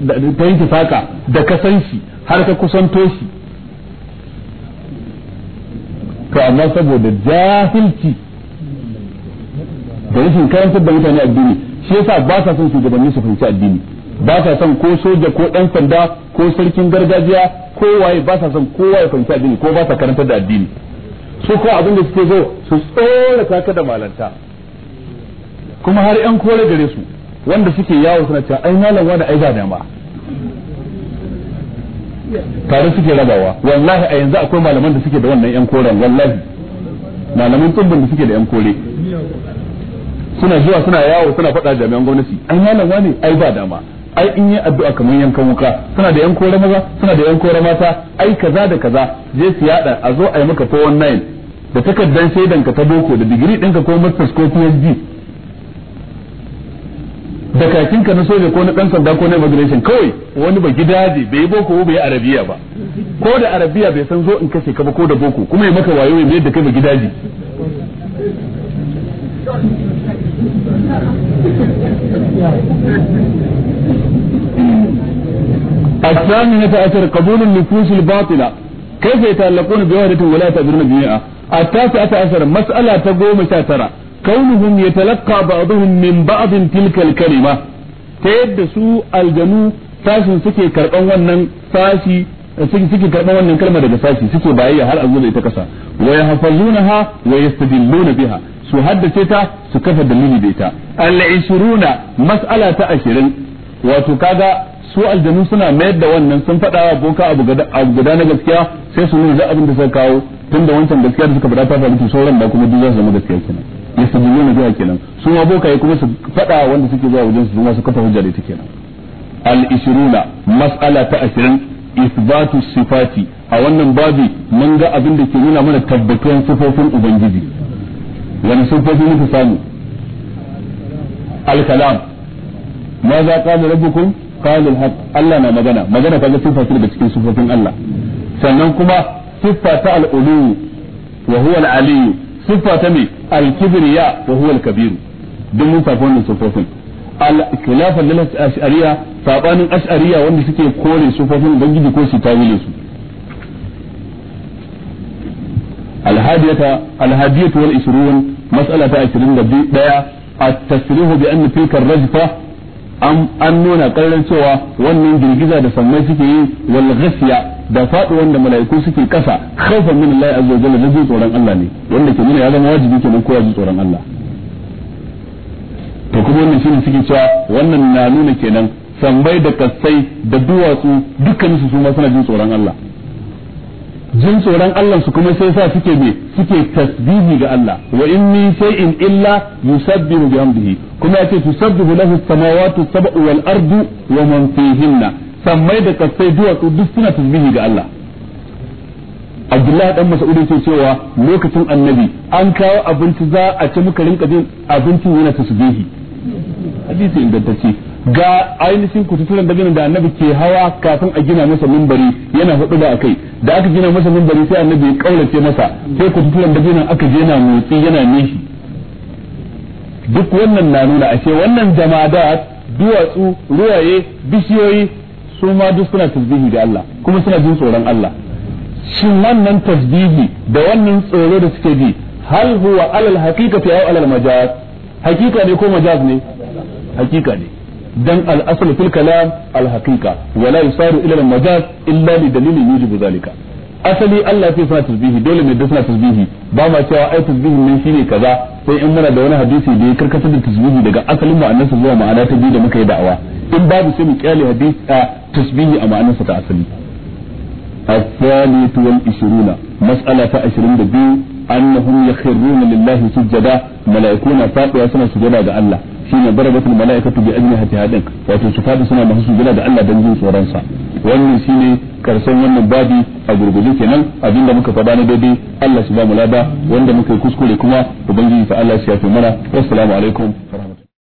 da ta saka da ka shi har ka kusanto shi to amma saboda jahilci da rashin karantar da mutane addini shi yasa ba sa son shugabanni su fahimci addini ba sa son ko soja ko ɗan sanda ko sarkin gargajiya ko waye ba sa son kowa ya fahimci addini ko ba sa karantar da addini su ko abin da suke zo su tsora kaka da malanta kuma har yan kore gare su wanda suke yawo suna cewa ai malam wani ai ba dama tare suke rabawa wallahi a yanzu akwai malaman da suke da wannan yan koren wallahi malaman tsibbin da suke da yan kore suna zuwa suna yawo suna faɗa jami'an gwamnati ai malam wane ai ba dama ai in yi addu'a kamar yankan wuka suna da yan kore maza suna da yan kore mata ai kaza da kaza je su yada a zo a yi maka 419 da takardar shaidan ka ta boko da digiri ɗinka ko masters ko PhD da kakin ka na soja ko na ɗan sanda ko na immigration kawai wani ba gidaje bai boko ko bai arabiya ba ko da arabiya bai san zo in kashe ka ba ko da boko kuma ya maka wayo ya da kai ba gidaje الثامنة عشر قبول النفوس الباطلة كيف يتعلقون بوحدة ولا يتأذون جميعا التاسعة عشر مسألة تقوم شاترة كونهم يتلقى بعضهم من بعض تلك الكلمة تيد سوء الجنو sashin suke karban wannan sashi suke suke karban wannan kalma daga sashi suke bayayya har azu da ita kasa wa yahfazunaha wa yastadilluna biha su haddace ta su kafa dalili da ita al-ishruna mas'ala ta ashirin wato kaga su aljanu suna mayar da wannan sun faɗa wa boka abu guda na gaskiya sai su nuna abin da suka kawo tun da wancan gaskiya da suka faɗa ta faru sauran da kuma duk za su zama gaskiya kenan ya su biyu na zuwa kenan su ma bokaye kuma su faɗa wanda suke zuwa wajen su zuma su kafa hujja da ita kenan al-ishruna mas'ala ta 20 isbatu sifati a wannan babi mun ga abin da ke nuna mana tabbatuwan sifofin ubangiji wani sufofi muka samu al-kalam ma za qala rabbukum qala al Allah na magana magana kaga sifa ce cikin sifofin Allah sannan kuma siffa ta al-ulu wa huwa al-ali siffa ta me al-kibriya wa huwa al-kabir duk mun safa wannan wanda suke kore sifofin ubangiji ko su tawile su الهادية الهادية والعشرون مسألة عشرين دبي التصريح بأن تلك الرجفة an an nuna ƙarrar cewa wannan girgiza da sammai suke yi wal da faɗi wanda mala'iku suke kasa khawfan min Allah azza wa jalla da jin tsoron Allah ne wanda ke nuna ya zama wajibi kenan ko ya jin tsoron Allah to kuma wannan shine suke cewa wannan na nuna kenan sammai da kasai da duwatsu dukkan su su ma suna jin tsoron Allah jin tsoron Allah su kuma sai sa suke me suke tasbihi ga Allah wa in min shay'in illa yusabbihu bihamdihi kuma yace tusabbihu lahu samawati sabu wal ardu wa man fihinna sammai da kasai duwatsu duk suna tasbihi ga Allah Abdullahi dan Mas'ud yace cewa lokacin Annabi an kawo abinci za a ci muka rinka jin abincin yana tasbihi hadisi tace ga ainihin kututturen dabinan da annabi ke hawa kafin a gina masa mimbari yana hudu da akai da aka gina masa mimbari sai annabi ya kaurace masa sai da ginin aka je na motsi yana nishi duk wannan na nuna a ce wannan jamadat duwatsu ruwaye bishiyoyi su ma duk suna tasbihi da Allah kuma suna jin tsoron Allah shin wannan tasbihi da wannan tsoro da suke ji hal huwa alal haqiqati aw alal majaz hakika ne ko majaz ne hakika ne dan al-aslu fil kalam al-haqiqa wa la yusaru ila al-majaz illa li dalilin yujibu zalika asali Allah sai suna tasbihi dole mai suna tasbihi ba ma cewa ai tasbihin nan shine kaza sai in muna da wani hadisi da ya karkatar da tasbihi daga asalin ma'anarsa zuwa ma'ana ta biyu da muka yi da'awa in babu sai mu kyale hadisi a tasbihi a ma'anarsa ta asali الثالث والعشرون مسألة عشرين بي أنهم يخرون لله سجدا ملائكون فاقوا سنة سجدا الله shine darabatul malaikatu bi ajnihatiha din wato su fadi suna masu sujada da Allah dan jin tsoron sa wannan shine karshen wannan babi a gurguje kenan abinda muka faɗa na daidai Allah su ba mu lada wanda muka yi kuskure kuma ubangiji ta Allah shi ya fi mana wassalamu alaikum